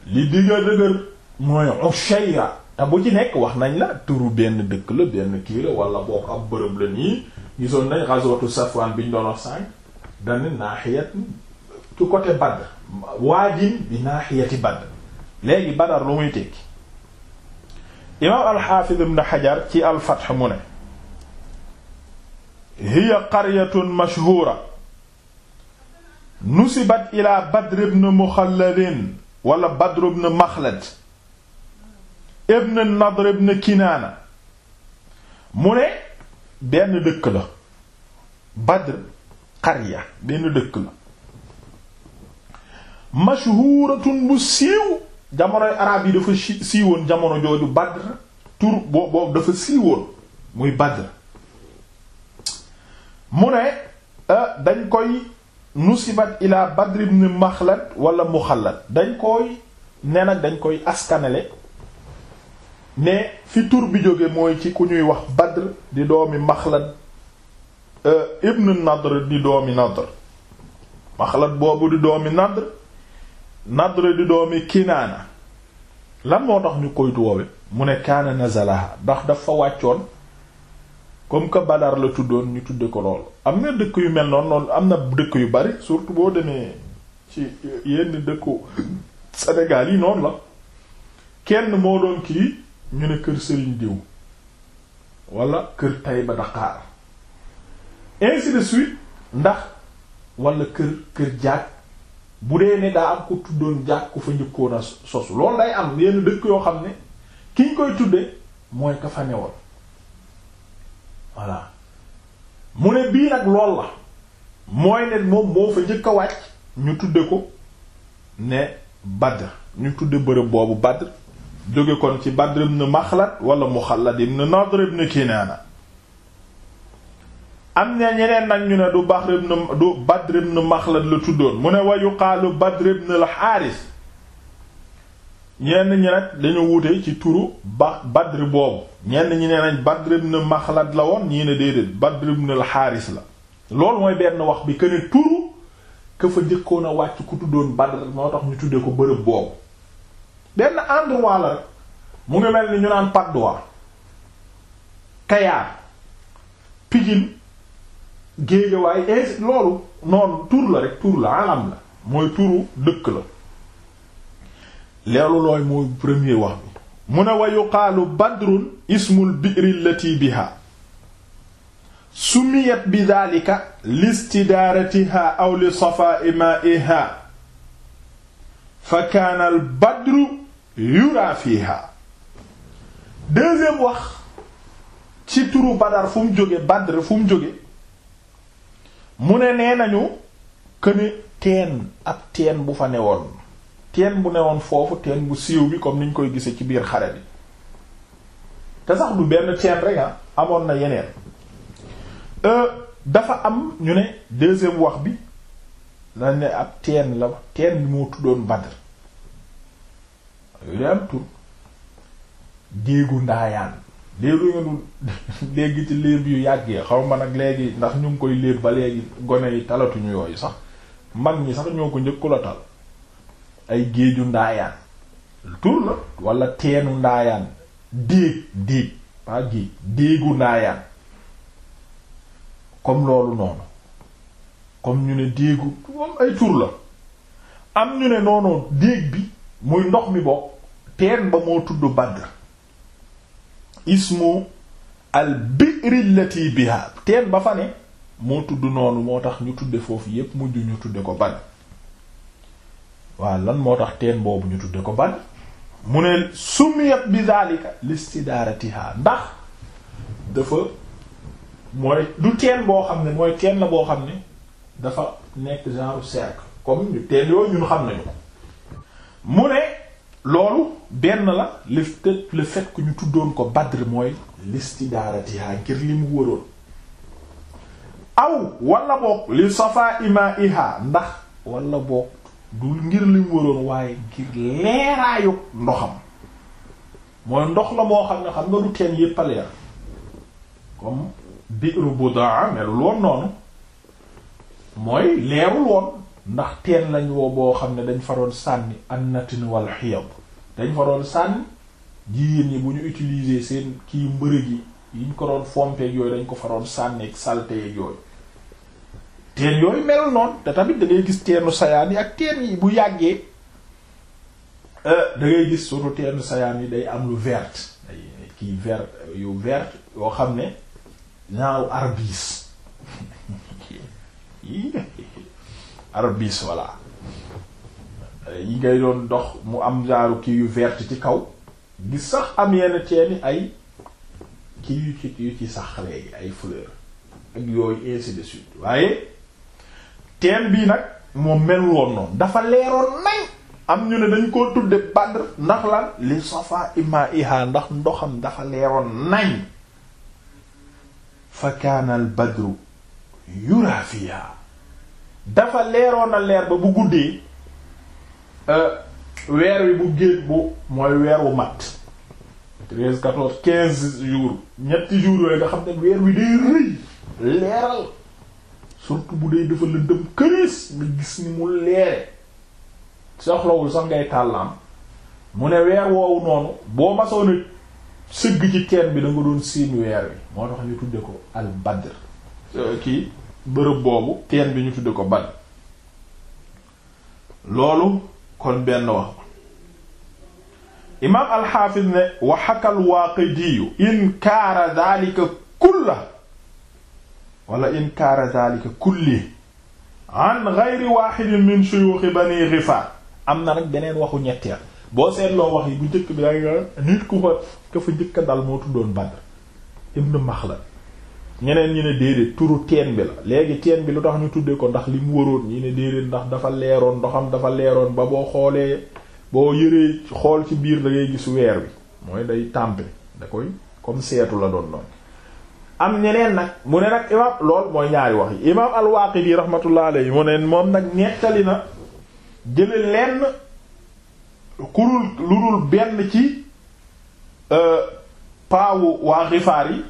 li digga dëgër mooy ushayra te bu ci nekk wax nañ la turu benn dëkk la benn kii la wala boo ab bërëb la nii gisoon nañ ghazwatu Safwan biñ doon wax sànq dañ naaxiyat ci côté Badr waadin bi naaxiyati Badr léegi Badr lu muy tekki imaam al-Hafiz ibn Hajar ci al-Fath mu ne hiya qaryatun mashhura nusibat ila Badr ibn Mukhalladin wala Badr ibn Makhlad ibn Nadr ibn Kinana mu ne benn dëkk la Badr xarya benn dëkk la mashhuratun bu siiw jamonoy arab yi dafa siiwoon jamono jooju Badr tur boobu dafa siiwoon muy Badr mu ne euh, dañ koy nusibat ila Badr ibn Maxlad wala Muxallad dañ koy ne nag dañ koy askanele ne fi tur bi jóge mooy ci ku ñuy wax Badr di doomi Maxlad euh, ibn Nadr di doomi Nadr Maxlad boobu di doomi Nadr Nadr di doomi Kinaana lan moo tax ñu koytu woowe mu ne kaana nazalaha ndax dafa wàccoon comme que Badar la tuddoon ñu tudde ko loolu am na dëkk yu mel noonu noonu am na dëkk yu bari surtout boo demee ci yenn dëkku senegal yi noonu la kenn moo doon kii ñu ne kër sëriñ diw wala kër Taïba Dakar ainsi de suite ndax wala kër kër jaag bu dee ne daa am ko tuddoon jaag ku fa njëkkoon a sosu loolu day am yenn dëkk yoo xam ne kiñ koy tudde mooy ka fa newoon voilà mu ne bii nag lool la mooy ne moom moo fa njëkk a wàcc ñu tudde ko ne Badr ñu tudde bërëb boobu Badr jóge kon ci Badr ibn Maxlad wala Muxallad ibn Nadr ibn Kinaana am na ñeneen nag ñu ne du Bahr ibn du Badr ibn Maxlad la tuddoon mu ne wa yuqaalu Badr ibn al-Haaris ñenn ñi dañu wuute ci turu ba Badr boobu ñenn ñi ne nañ Badr la woon ñii ne déedéet Badr ibn al-Haaris la loolu mooy benn wax bi que ne turu ka jëkkoon a wàcc ku tuddoon Badr moo tax ñu tuddee ko bërëb boobu benn endroit la mu ngi mel ni ñu naan Padoie Kayar Pikine Guédiawaye et loolu noonu tur la rek tur la la mooy turu dëkk la leelu looy mooy premier wax bi mu ne wa yuqaalu badrun ismul bi'ri allati biha bi dhalika listidaaratiha aw li safaa'i ma'iha fa kaana badru yura fiha deuxième wax ci turu badar fu mu jóge fu mu jóge mu ne nee nañu këne teen ab teen bu fa newoon teen bu newoon foofu teen bu siiw bi comme niñ koy gisee ci biir xare bi te sax du benn teen rek ah, amoon na yeneen euh, dafa am ñu ne deuxième wax bi dañ ne ab teen la teen bi moo tuddoon badr yooyu day am tur déegu ndaayaan léegi ngeen léegi ci léeb yu yàggee xaw ma nag léegi ndax ñu ngi koy léeb ba léegi gone yi talatuñu yooyu sax mag ñi sax ñoo ko njëkku la tal ay géeju ndaayaan tur la walla teenu ndaayaan déeg déeg pas géej déegu ndaayaan comme loolu noonu comme ñu ne déegu moom ay tur la am ñu ne noonu déeg bi muy ndox mi bokk teen ba moo tudd Badr ismu al bi'ri allati teen ba fa ne moo tudd noonu moo tax ñu tudde foofu yépp mujj ñu tudde ko Badr waaw lan moo tax teen boobu ñu tudde ko Badr mu ne sumiyat bi zalika listidaaratiha ndax dafa mooy du teen boo xam ne mooy teen la boo xam ne dafa nekk genre cercle comme teen yooyu ñun xam nañu mu ne loolu benn la le fait le ñu tuddoon ko Badr mooy listidaaratiha ngir li mu wëroon aw wala boog li safa ima iha ndax wala boog du ngir li mu wëroon waaye ngir leeraayu ndoxam mooy ndox la moo xam ne xam nga du teen yépp a leer comme biiru Budaa melul woon noonu mooy leerul woon ndax teen lañ woo boo xam ne dañ faroon sànni annatin wal xiyab dañ faroon sànni jigéen ñi bu ñu utiliser seen kii mbërëg yi yiñ ko doon fompeeg yooyu dañ ko faroon sànni ak salteeg yooyu teen yooyu melul noonu te tamit da gis teenu sayaan yi ak teen yi bu yàggee euh, dangay gis surtout teenu sayaan yi day am lu vert kii vert yu vert yoo xam ne genre arbis arbis voilà euh, yi ngay dox mu am genre kii yu vert ci kaw gis sax am yenn ceeni ay kii yu ci yu sax léegi ay fleur ak yooyu ainsi de suite waaye teen bii nag moom mel woon noonu dafa leeroon nañ am ñu ne dañ koo tudde Badr ndax lan li safa ima iha ndax ndoxam dafa leeroon nañ fa kaana badru yura dafa leeroon na leer ba bu guddee euh, weer wi bu génn bu mooy weer wu mat treize quatorze quinze jours ñetti jours yooyu nga xam ne weer wi day rëy leeral surtout bu dee dafa lëndëm këriis nga gis ni mu leere soxlawul sax ngay tàllaam mu ne weer woowu noonu boo masoon a sëgg ci teen bi da nga doon seen weer wi moo tax ñu tudde ko al badr euh, kii bërëb boobu teen bi ñu tudde ko Badr loolu kon benn wax imaam alxaafis ne wa xaka alwaaqidiyu inkaara daalika kulla wala inkaara daalika kulli an geyri waaxidin min suyuxi bani gifaar am na nag beneen waxu ñetteel boo seetloo wax yi bu njëkk bi danga nit ku fa ka fa njëkka dal moo tuddoon Badr ibn Maxlad ñeneen ñi ne déedéet turu teen bi la léegi teen bi lu tax ñu tuddee ko ndax li mu waroon ñi ne déedéet ndax dafa leeroon ndoxam dafa leeroon ba boo xoolee boo yëree xool ci biir da gis weer bi mooy day tàmpe da koy comme seetu la doon noonu am ñeneen nag mu ne nag imaam lool mooy ñaari wax yi imaam al-Waaqidi rahmatullah alayhi mu ne moom nag nettali na jële lenn kurul lu dul benn ci euh, paawu waa Gifaar yi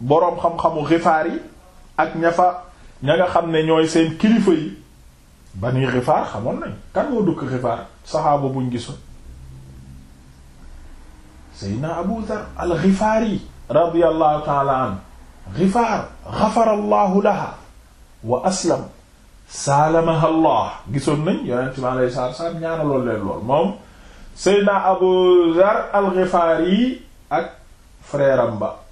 boroom xam-xamu xifaar yi ak ña fa ña nga xam ne ñooy seen kilifa yi bani xifaar xamoon nañ kan moo dëkk xifaar saxaaba buñ gisoon seydna abu dhar al xifaari radiallahu taala an xifaar xafara allahu laha wa aslam saalamaha gisoon nañ yonent bi alayhi salaatu salaam ñaanaloon leen lool moom seydna abu dhar al xifaari ak frère ba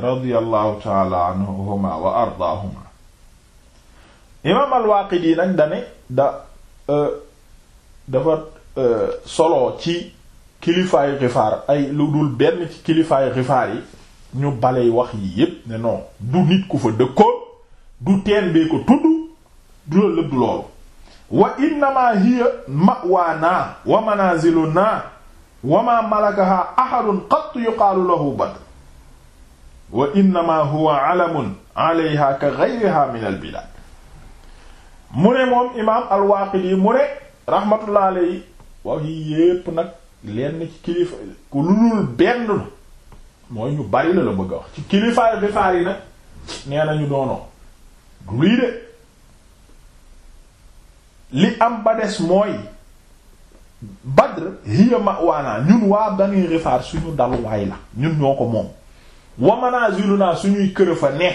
radiyallahu taala anhuma wa ardaahuma imaam al-Waaqidi nag dane da e, dafa e, solo ci kilifaayu xifaar ay lu dul benn ci kilifaayu xifaar yi ñu baley wax yi yépp ne non du nit ku fa dëkkoon du teen bee ko tudd du la lëbb loolu wa innama hiya ma'waanaa wa manaazilunaa wa maa malakahaa ahadun qat yuqaalu lahu Badr wa innama huwa alamun alayha ka ghayriha min al bilad mu ne moom imaam al-Waaqidi mu ne rahmatullah wax yi yépp nag lenn ci kilifa ku lulul benn la mooy ñu bari la la bëgg wax ci kilifaayu rifaar yi nee nañu doonoo lii de li am ba des mooy Badr hiya mawaana ñun waa bani rifaar suñu daluwaay la ñun ñoo ko moom wa manaziluna suñuy kër fa ne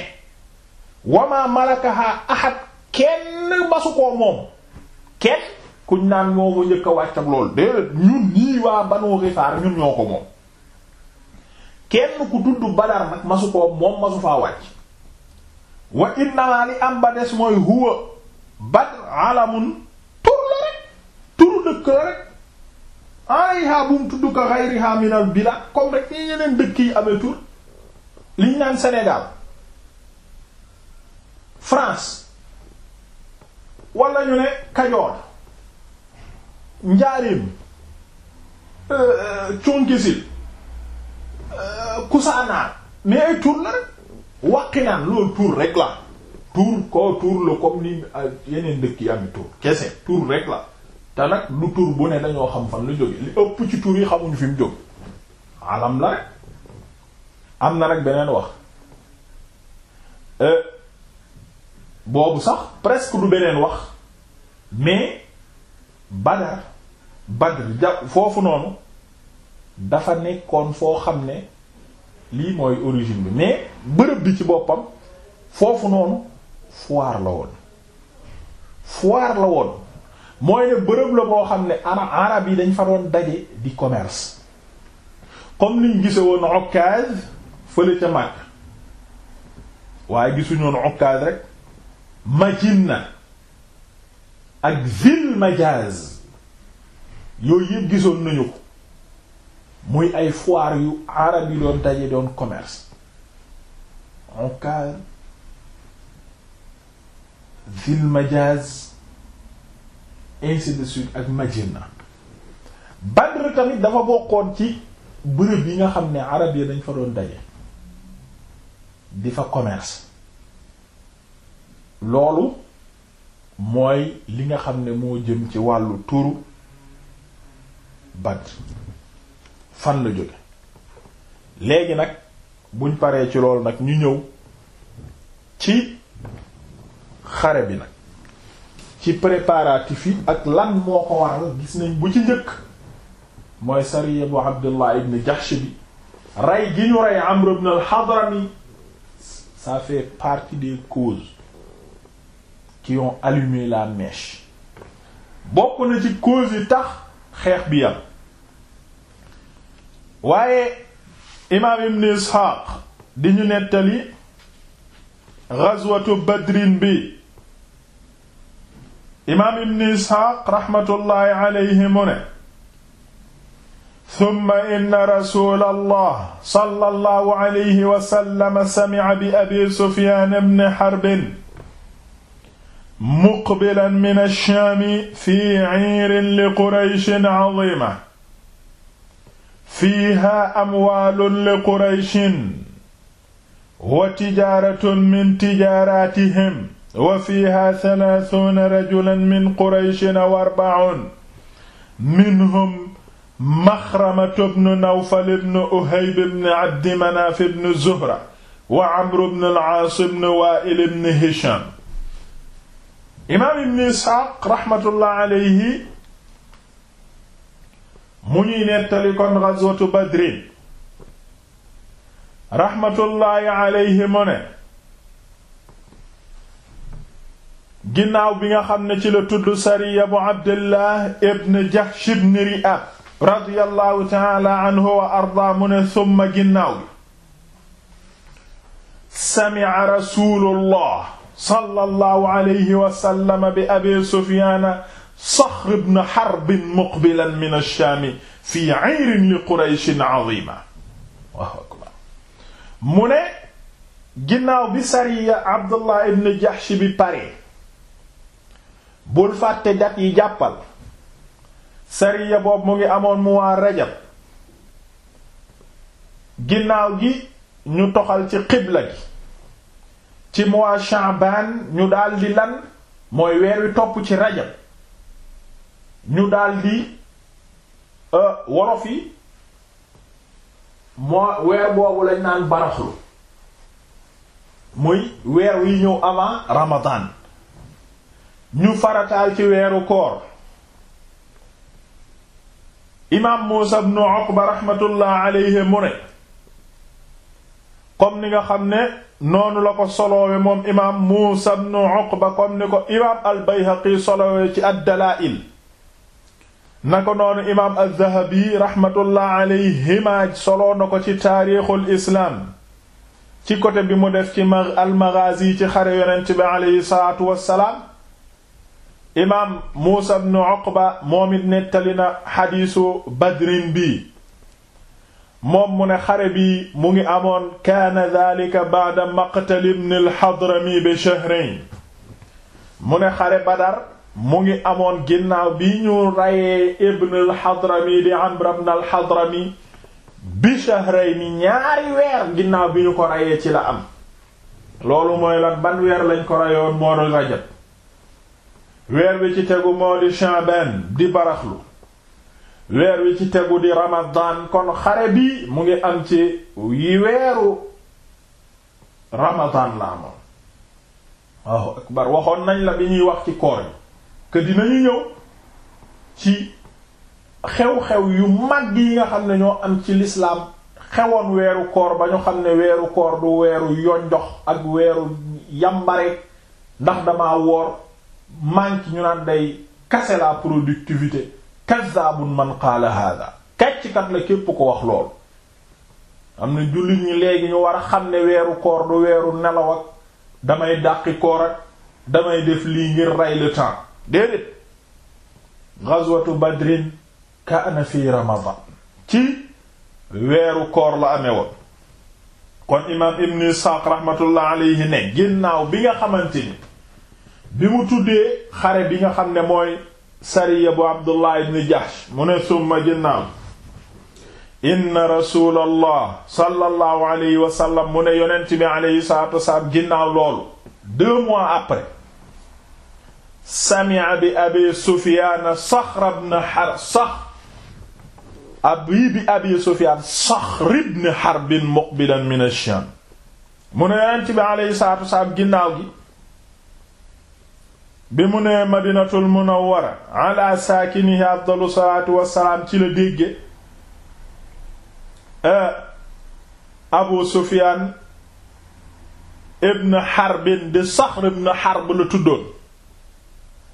wama malakaha ahad kenn basu koo moom kenn kuñ naan ñoo ko njëkk a wàcc ak loolu déedéet ñun ñii waa Banu Gifaar ñun ñoo ko moom kenn ku tudd Badar nag masu koo moom masu faa wàcc wa innamaa am ba des mooy huwa Badr alamun tur la rek turu dëkk la rek alayha bum tudd ko xayriha minal bila comme rek ñi ñeneen dëkk yi amee tur liñ naan Sénégal France wala ñu ne Kajoor Njaarim euh, euh, Tonkisil euh, Kusaanaar mais ay tur la rek Waqinaan loolu tur rek la tur ko tur la comme ni yeneen dëkk yi am tur kese tur rek la te nag lu tur bu ne dañoo xam fan lu jóge li ëpp ci tur yi xamuñu fi mu jóg alam la rek am na nag beneen wax euh, boobu sax presque du beneen wax mais Badar Badr ja foofu noonu dafa nekkoon foo xam ne lii mooy origine bi mais bërëb bi ci boppam foofu noonu foire la woon foire la woon mooy ne bërëb la boo xam ne ara arab yi dañ fa doon daje di commerce comme niñ gise woon Okaz fële ca Makka waaye gisuñoon Ukkaad rek Majinna ak Zil Majaz yooyu yëpp gisoon nañu ko muy ay foire yu arab yi doon daje doon commerce Ukkaad Zil Majaz ainsi suite ak Majinna Badr tamit dafa bokkoon ci bërëb yi nga xam ne arab yi dañ fa doon daje di fa commerce loolu mooy li nga xam ne moo jëm ci wàllu turu Badr fan la jóge léegi nag buñ paree ci loolu nag ñu ñëw ci xare bi nag ci préparatif yi ak lan moo ko waral gis nañ bu ci njëkk mooy sariya bu Abdullah ibn Jahsh bi rey gi ñu rey Amr ibn al-Hadrami ça fait partie des causes qui ont allumé la mèche bokk na ci causes yi tax xeex bi yam waaye imaam ibn Isxaaq di ñu nettali ghazwatu badrin bi imaam ibn Isxaaq raxmatullaahi alayhi mu ne summa inna rasuulallah sallallahu alayhi wa sallam sami'a bi abi sufyaan ibn harbin muqbilan min ash-shaami fii ciirin li qurayshin caziima fiihaa amwaalun li qurayshin wa tijaaratun min tijaaraatihim wa fiihaa salaasuuna rajulan min qurayshin wa arbacuun minhum maxramatu bnu nawfal bnu uhayb bnu abdi manaaf bnu zuhra wa amru bnu al-aas bnu waa'il hisham imaam ibnu isxaaq raxmatullah aleyhi mu ñuy nettali kon gazwatu badrin raxmatullaahi aleyhi mu ne ginnaaw bi nga xam ne ci la tudd sariya bu abdillah ibn jahsh ibn ri'ab radiyallahu taala anhu wa arda mu ne summa ginnaaw bi sami'a rasulullah sallallahu alayhi wa sallam bi abi sufyaan saxr ibn harb muqbilan min ash-shaam fi 'ayr li quraysh 'azima Allahu akbar mu ne ginnaaw bi sariya abdullah ibn jahsh bi pare bul fàtte dat yi jàppal sariya boobu mu ngi amoon mu waa rajab ginnaaw gi ñu toxal ci xibla gi ci mois Sha'ban ñu daldi lan mooy weer wi topp ci rajab ñu daldi euh, worof yi mois weer boobu lañ naan baraxlu muy weer wi ñëw avant ramadan ñu farataal ci weeru koor imaam Muusa ibn Uqba raxmatullah mu ne comme ni nga xam ne noonu la ko soloowe moom imaam Muusa ibn Uqba comme ni ko imaam al-Bayhaqi soloowe ci ad-Dalaa'il na ko noonu imaam az-Zahabi raxmatullah alayhima soloo na ko ci taarixul islaam ci côté bi mu def ci al-Maghaazi ci xare yonent bi alayhi salaatu wassalaam imaam Muusa ibn Uqba moom it nettali na xadiisu badrin bi moom mu ne xare bi mu ngi amoon kaana daalika ba'da maqtali ibn al bi shahrayn mu ne xare Badar mu ngi amoon ginnaaw bi ñu reyee ibn al-Hadrami di Amr ibn al-Hadrami bi ñaari weer ginnaaw bi ñu ko reyee ci la am loolu mooy la ban weer lañ ko reyoon moo doon Rajab weer wi ci tegu moo di Sha'ban di baraxlu weer wi ci tegu di Ramadan kon xare bi mu ngi am ci yi weeru Ramadan la amoon waxoon nañ la bi ñuy wax ci koor yi que dinañu ñëw ci xew-xew yu mag yi nga xam ne ñoo am ci lislaam xewoon weeru koor ba ñu xam ne weeru koor du weeru yonjox ak weeru yambare ndax dama woor manque ñu naan day kase la productivité kazzabun man qaala hada kàcckat la képp ko wax lool am na jullit ñi léegi ñu war a xam ne weeru koor du weeru nelaw ak damay dàqi koor ak damay def lii ngir ray le temps déedéet ghazwatu badrin kaana fi ci weeru koor la amee woon kon imaam ibn isxaaq rahmatullah alayhi ne ginnaaw bi nga xamante ni bi mu tuddee xare bi nga xam ne mooy sariya bu abdullah ibn jahsh mu ne summa ginnaaw inna rasulallah sallallahu alayhi wa sallam mu ne yonent bi alayhi salatu wasalaam ginnaaw loolu mois après sami'a bi abi sufyan saxr ibn harb sax abi bi abi sufyan saxr ibn harb muqbilan min ash-sham mu ne yonent bi alayhi salatu wasalaam ginnaaw bi mu nee madinatul munawwara ala saakinihi afdalu salaatu wassalaam ci la dégge e, abu sufiyaan ibn harbin di saxr ibn harb la tuddoon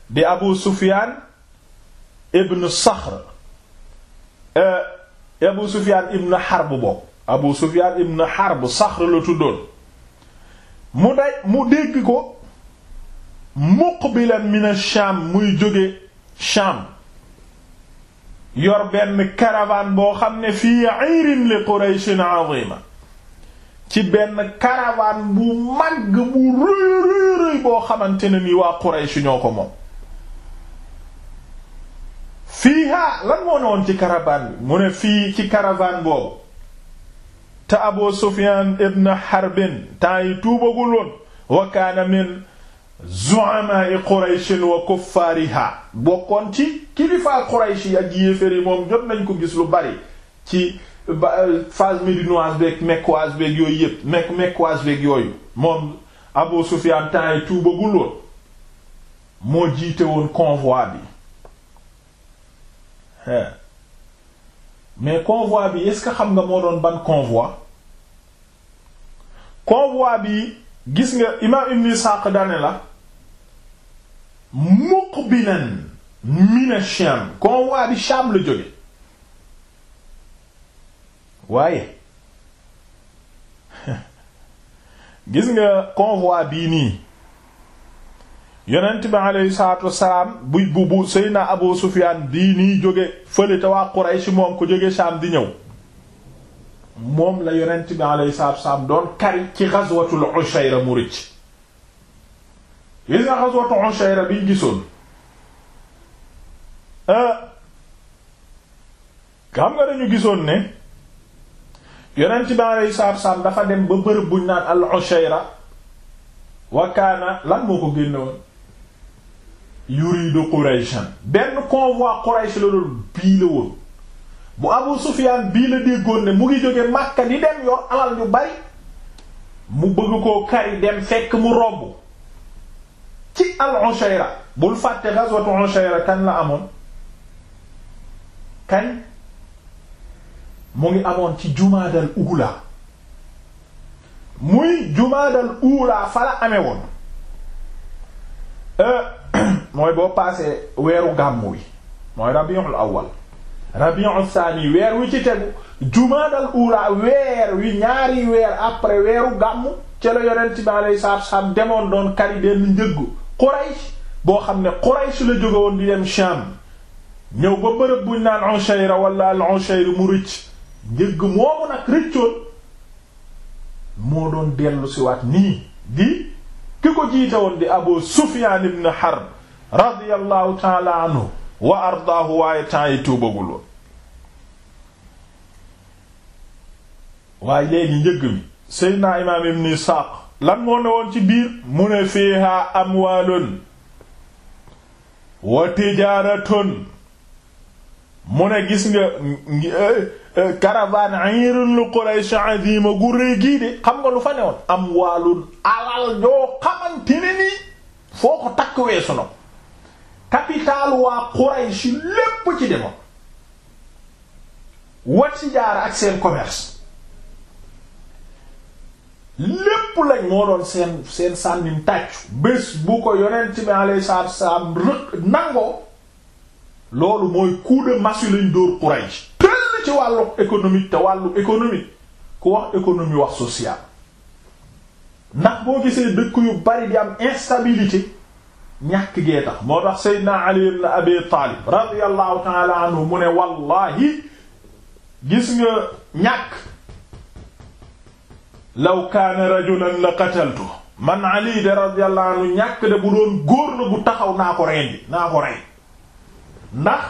di abu sufiyaan ibn saxr e, abu sufiyaan ibn harb boobu abu sufiyaan ibn harb saxr la tuddoon mu day mu dégg ko muqbilan min ash-Sham muy jóge Sham yor benn caravane boo xam ne fii ayrin li Quraysh azima ci benn caravane bu màgg bu rëy rëy rëy boo xamante ne ni waa Quraysh ñoo ko moom fiiha lan moo woon ci caravane bi mu ne fii ci caravane boobu te Abu Sufyan ibn Harbin temps yi tuubagul woon wa kaana zu'amaa Qurayshin wa kuffaariha bokkoon ci kilifa Quraysh ak yéeféer yi moom jot nañ ko gis lu bari ci phase médinoise beeg mecquoise beeg yooyu yëpp mec mecquoise beeg yooyu moom Abu Sufyaan temps yi tuubagul woon moo jiite woon convoi bi mais convoi bi est-ce xam nga moo doon ban convoi convoi bi gis nga imaam Ibn Sa'd dane la muqbilan mina Sham convoi bi Sham la jóge waaye gis nga convoi bii nii yonent bi aleyhi salaatu wasalaam bu bu bu Seyna Abu Sufyaan bii nii jóge fële te waa Quraysh moom ko jóge Sham di ñëw moom la yonent bi aleyhi salaatu wasalaam doon kari ci ghazwatul Ushayra mu gis nga xaswatu Ushayra biñ gisoon ah, xam nga dañu gisoon ne yonent bi alayhi salaatu wassalaam dafa dem ba bërëb buñ naan al Ushayra wa lan moo ko génne woon yuridu Qurayshan benn convoi Quraysh la doon bii la woon bu Abu Sufyaan bii la déggoon ne mu ngi jóge Makka di dem yor alal yu bari mu bëgg koo kari dem fekk mu romb ci al Ushayra bul fàtte ghazwatu Ushayra kañ la amoon kañ mu ngi amoon ci jumaadal uula muy jumaadal uula fa la amee woon euh, mooy boo paasee weeru gàmm wi mooy rabiul awal rabiul saani weer wi ci tegu jumaadal uula weer wi ñaari weer après weeru gàmm ci la yonent bi alayhi salaatu demoon doon kari benn njëggu Quraysh boo xam ne Quraysh la jóge di dem Sham ñëw ba bërëb buñ naan Ushayra wala al-Ushayr mu rëcc njëgg moomu nag rëccoon moo doon dellu si waat nii di ki ko jiite di Abu Sufyan ibn Harb radiyallahu ta'ala anhu wa ardaahu waaye temps yi tuubagul woon waaye léegi njëgg mi Seydina imaam Ibn Isaaq lan moo woon ci biir mu ne fiiha amwaalun wa tijaaratun mu gis nga eh, eh, caravane irun lu Quraysh gu rëy de xam nga lu fa newoon amwaalun alal joo xamante ne foo ko takk weesu na capital waa Quraysh lépp ci demoon wa tijaara ak seen commerce lépp lañ moo doon seen seen sànnim tàccu bés bu ko yonent bi alayhi salaatu wassalaam rëq nangoo loolu mooy coup de massue dóor Quraysh tëll ci wàllu économique te wàllu économique ku wax économie wax sociale ndax boo gisee dëkk yu bari di am instabilité ñàkk gee tax moo tax Seydina Ali ibn Abi Taalib radiyallahu ta'ala anhu mu ne wallaahi gis nga ñàkk law kaana rajulan la qataltu man ali de radiyallahu ñàkk de bu doon góor la bu taxaw naa ko reen rey ndax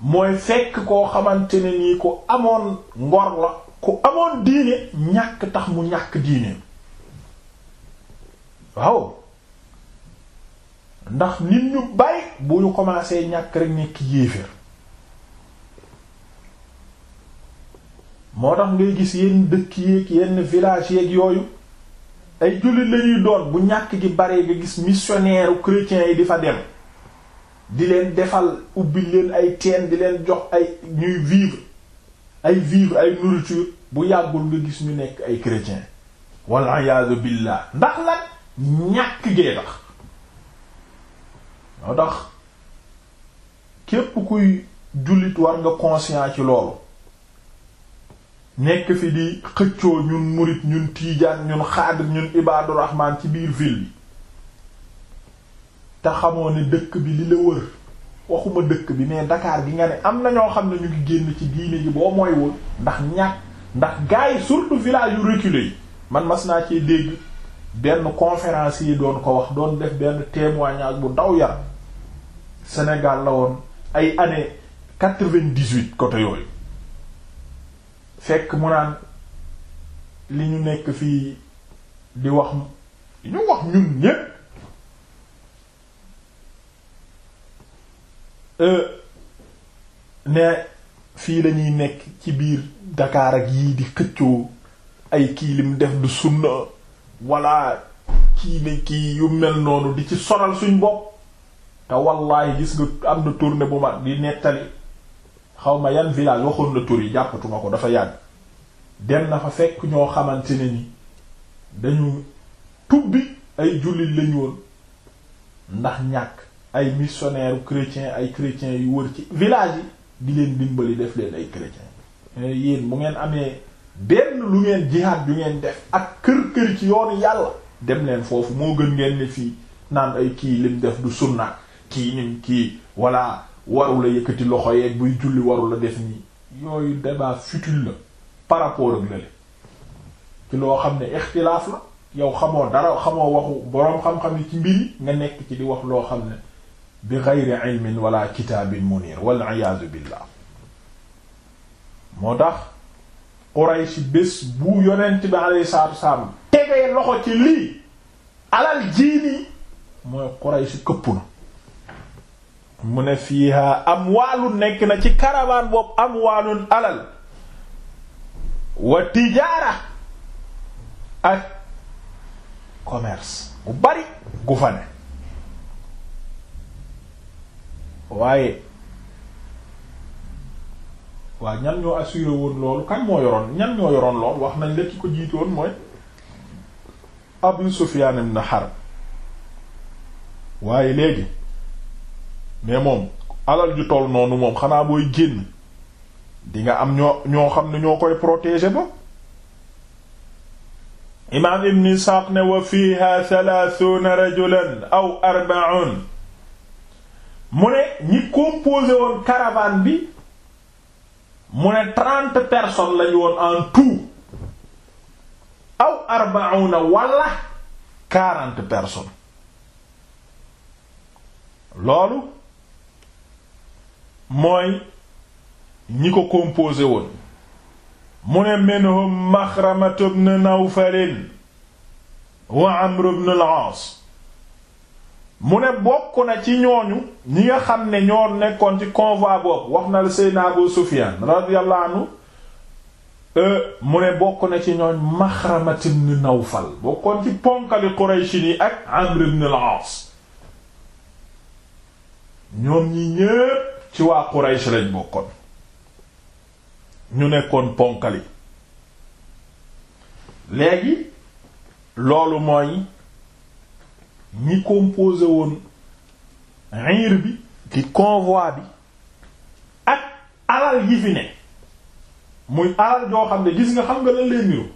mooy fekk koo xamante ne nii ku amoon ngor la ku amoon diine ñàkk tax mu ñàkk diine waaw ndax nit ñu bari bu ñu commencé ñàkk rek nekk yéeféer moo tax ngay gis yenn dëkk yeeg yenn village yeeg yooyu ay jullit lañuy doon bu ñàkk gi bare nga gis missionnaire u yi di fa dem di leen defal ubbi leen ay teen di leen jox ay ñuy vivre ay vivre ay nourriture bu yàggul nga gis ñu nekk ay chrétiens walla iyaazu billah ndax lan ñàkk gee tax moo tax képp kuy jullit war nga conscient ci loolu nekk fi di xëccoo ñun murit ñun tiijaan ñun xaadir ñun ibaadu rahmaan ci biir ville bi te xamoo ni dëkk bi li la wër waxuma dëkk bi mais Dakar gi nga ne am na ñoo xam ne ñu ngi génn ci diine ji boo mooywul ndax ñàkk ndax gars yi surtout village yu reculé yi man mas naa cee dégg benn conférence yi doon ko wax doon def benn témoignage bu daw yaram senegal la woon ay années quatre-vingt-dix-huit côté yooyu fekk mu naan li ñu nekk fii di wax li ñu wax ñun ñépp euh, ne fii lañuy nekk ci biir dakaar ak yii di xëccoo ay kii lim def du sunna walla kii ne kii yu mel noonu di ci sonal suñ bopp te wallaahi gis nga am na tournée bu mag di nettali xaw ma yan village waxoon na tur yi jàppatuma ko dafa yàgg dem na fa fekk ñoo xamante ne ni dañu tubbi ay jullit lañ woon ndax ñàkk ay missionnaire chrétien ay chrétiens yu wër ci village yi di leen dimbali def leen ay chrétien eh, yéen bu ngeen amee benn lu ngeen jihaad yu ngeen def ak kër-kër ci yoonu yàlla dem leen foofu moo gën ngeen ne fii naan ay kii lim def du sunna kii ñun kii walla waru la yëkkati loxo yeeg buy julli waru la def nii yooyu débat futile la par rapport ak lële ci loo xam ne ixtilaaf la yow xamoo dara xamoo waxu boroom xam-xam yi ci mbir nga nekk ci di wax loo xam ne bi geyri ilmin wala kitaabin munir wal iyaazu billah tax Quraysh bés bu yonent bi alayhi tegee loxo ci lii alal jiini mooy Quraysh këpp na mu ne fiiha amwaalun nekk na ci caravane boobu amwaalun alal wa tijaara ak commerce bu bari gu fa ne waaye waa ñan ñoo assuré woon loolu kan moo yoroon ñan ñoo yoroon lool wax nañ la ko jiite woon mooy Abu Sufyaan ibn Harb waaye léegi mais moom alal ju toll noonu moom xanaa booy génn di nga am ñoo ñoo xam ne ñoo koy protégé ba imaam ibn isxaaq ne wa fiha thalaathuuna rajulan aw arba'un mu ne ñi composé woon caravane bi mu ne trente personnes lañu woon en tout aw arba'una wala quarante personnes loolu mooy ñi ko composé woon mu ne minhum maxramatu ibn nawfalin wa amru ibn al mu ne bokk na ci ñooñu ñi nga xam ne ñoo nekkoon ci convoi boobu wax na la seydna abu sufyan radiyallahu anhu euh, mu ne bokk na ci ñooñ maxramat ibn nawfal bokkoon ci ponkali qurayshi ni ak amru ibn al ñoom ñi ñépp ci waa Quraysh lañ bokkoon ñu nekkoon ponkali léegi loolu mooy ñi composé woon riir bi di convoi bi ak alal yi fi ne muy alal joo xam ne gis nga xam nga lan leen niru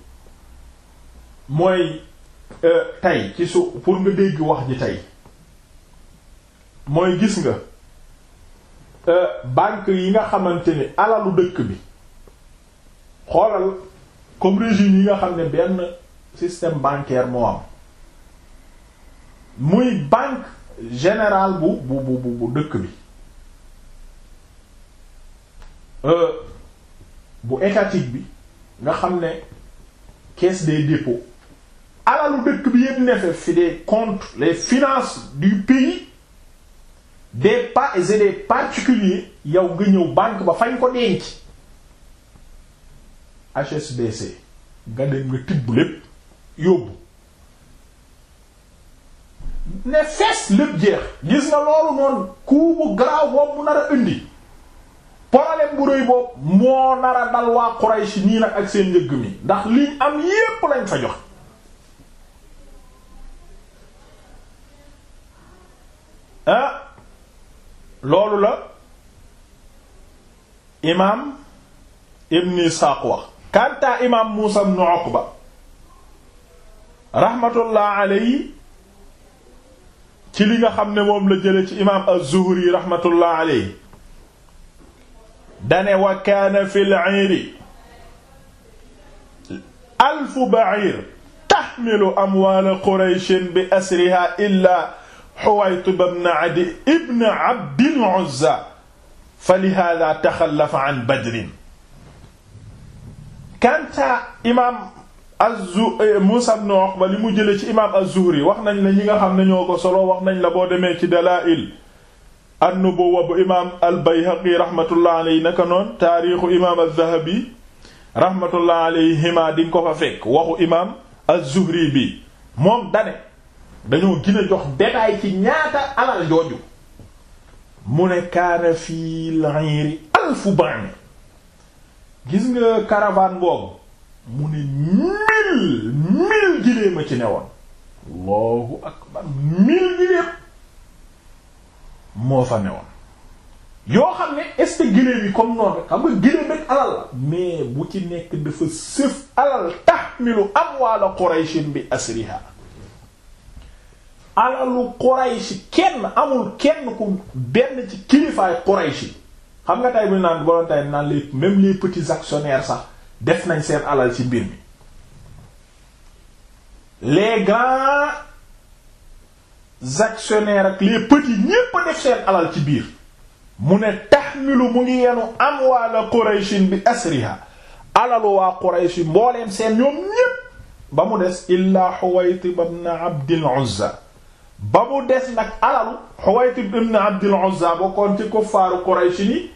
mooy euh, tey ci su pour nga dégg wax ji tey mooy gis nga banque yi nga xamante ni alalu dëkk bi xoolal comme régime yi nga xam ne benn système banker moo am muy banque générale bu bu bu bu dëkk bi euh, bu étatique bi nga xam ne caisse des dépôts alalu dëkk bi yépp ne fi des comptes les finances du pays des pas yow nga ñëw bank ba fañ ko denc HSBC nga dem nga tibb lépp yóbbu ne fees lépp jeex gis nga loolu noonu kuubu garaaw boobu mu nar a indi bu rëy boobu moo nar a dal waa Quraysh nii nag ak seen njëgg mi ndax liñ am yépp lañ fa jox ah loolu la imaam ibn Isaaq wax kanta imaam Muusa ibn Uqba rahmatullah alayhi ci li nga xam ne moom la jële ci imaam az-Zuhri rahmatullah alayhi dane wa kaana fil ayri alfu ba'ir tahmilu amwaala qurayshin bi asriha illa Huwaytib ibn Adi ibn Abdil Uzza fa lihaada taxallafa an Badrin kanta imaam azzu eh, Muusaa ibn li mu jëlee ci imaam az-Zuhri wax nañ la ñi nga xam ne ñoo ko solo wax nañ la boo demee ci Dalaa'il an-Nubuwwa bu imaam al-Bayhaqi rahmatullah i naka noonu taarixu imaam az-Zahabi rahmatullah alayhima di nga ko fa fekk waxu imaam az-Zuhri bi moom dane dañoo gën a jox détail ci ñaata alal jooju mu ne kaana fii l'iiri alfu ba'mi gis nga caravane boobu mu ne mille mille giléem ci newoon allahu moo fa newoon yoo xam ne est-ce yi comme noonu xam nga giléem rek alal la mais bu ci nekk dafa sëf alal tahmilu amwaala qurayshin bi asriha alalu Quraysh kenn amul kenn ku benn ci kilifaay Quraysh xam nga tey bu naan boroon tey naan les même les petits actionnaires sax def nañ seen alal ci mbir mi les grands actionnaires ak les petits ñépp def seen alal ci biir mu ne taxmilu mu ngi yenu amwaala Qurayshin bi asriha alalu waa Quraysh mbooleem seen ñoom ñépp ba mu des illaa Huwaytib ibn Abdil Uzza ba mu des nag alalu Huwaytib ibn Abdul Uzza bokkoon ci kuffaaru Quraysh ni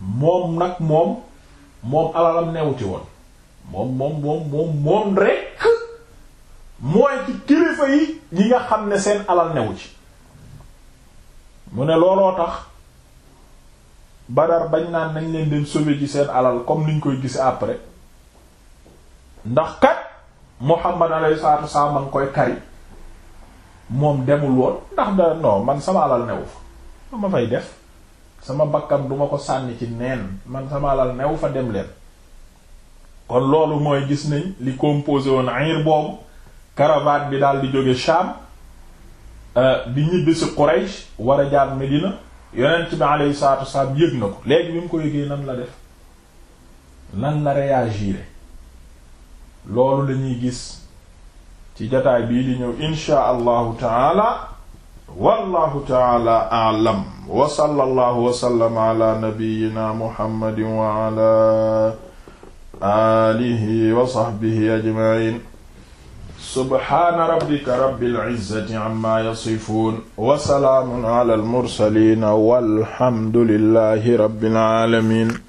moom nag moom moom alalam neewu ci woon moom moom moom moom moom rekk mooy ci kilifa yi ñi nga xam ne seen alal neewu ci mu ne looloo tax Badar bañ naan nañ leen dem sauver ci seen alal comme niñ koy gis après ndax kat Muhammad alayhi salaatu man koy kari moom demul woon ndax da non man sama alal newu fa ma fay def sama bakkan duma ko sànni ci neen man sama alal newu fa dem leen kon loolu mooy gis nañ li composé woon ayir boobu caravane bi daal di jóge Sham bi euh, ñibbi si Quraysh war a jaar Medina yonent bi alayhi salaatu wasalaam yëg na ko léegi bi mu ko yëgee nan la def nan la réagir loolu lañuy gis ci jataay bii di ñëw inshaa allahu taala wallahu taala a'lam wa sallallahu wa sallama ala nabiyyina muhammadin wa ala alihi wa sahbihi ajma'in subhana rabbika rabbil izzati amma yasifun wa salaamun ala al mursalin walhamdulillahi rabbil alamin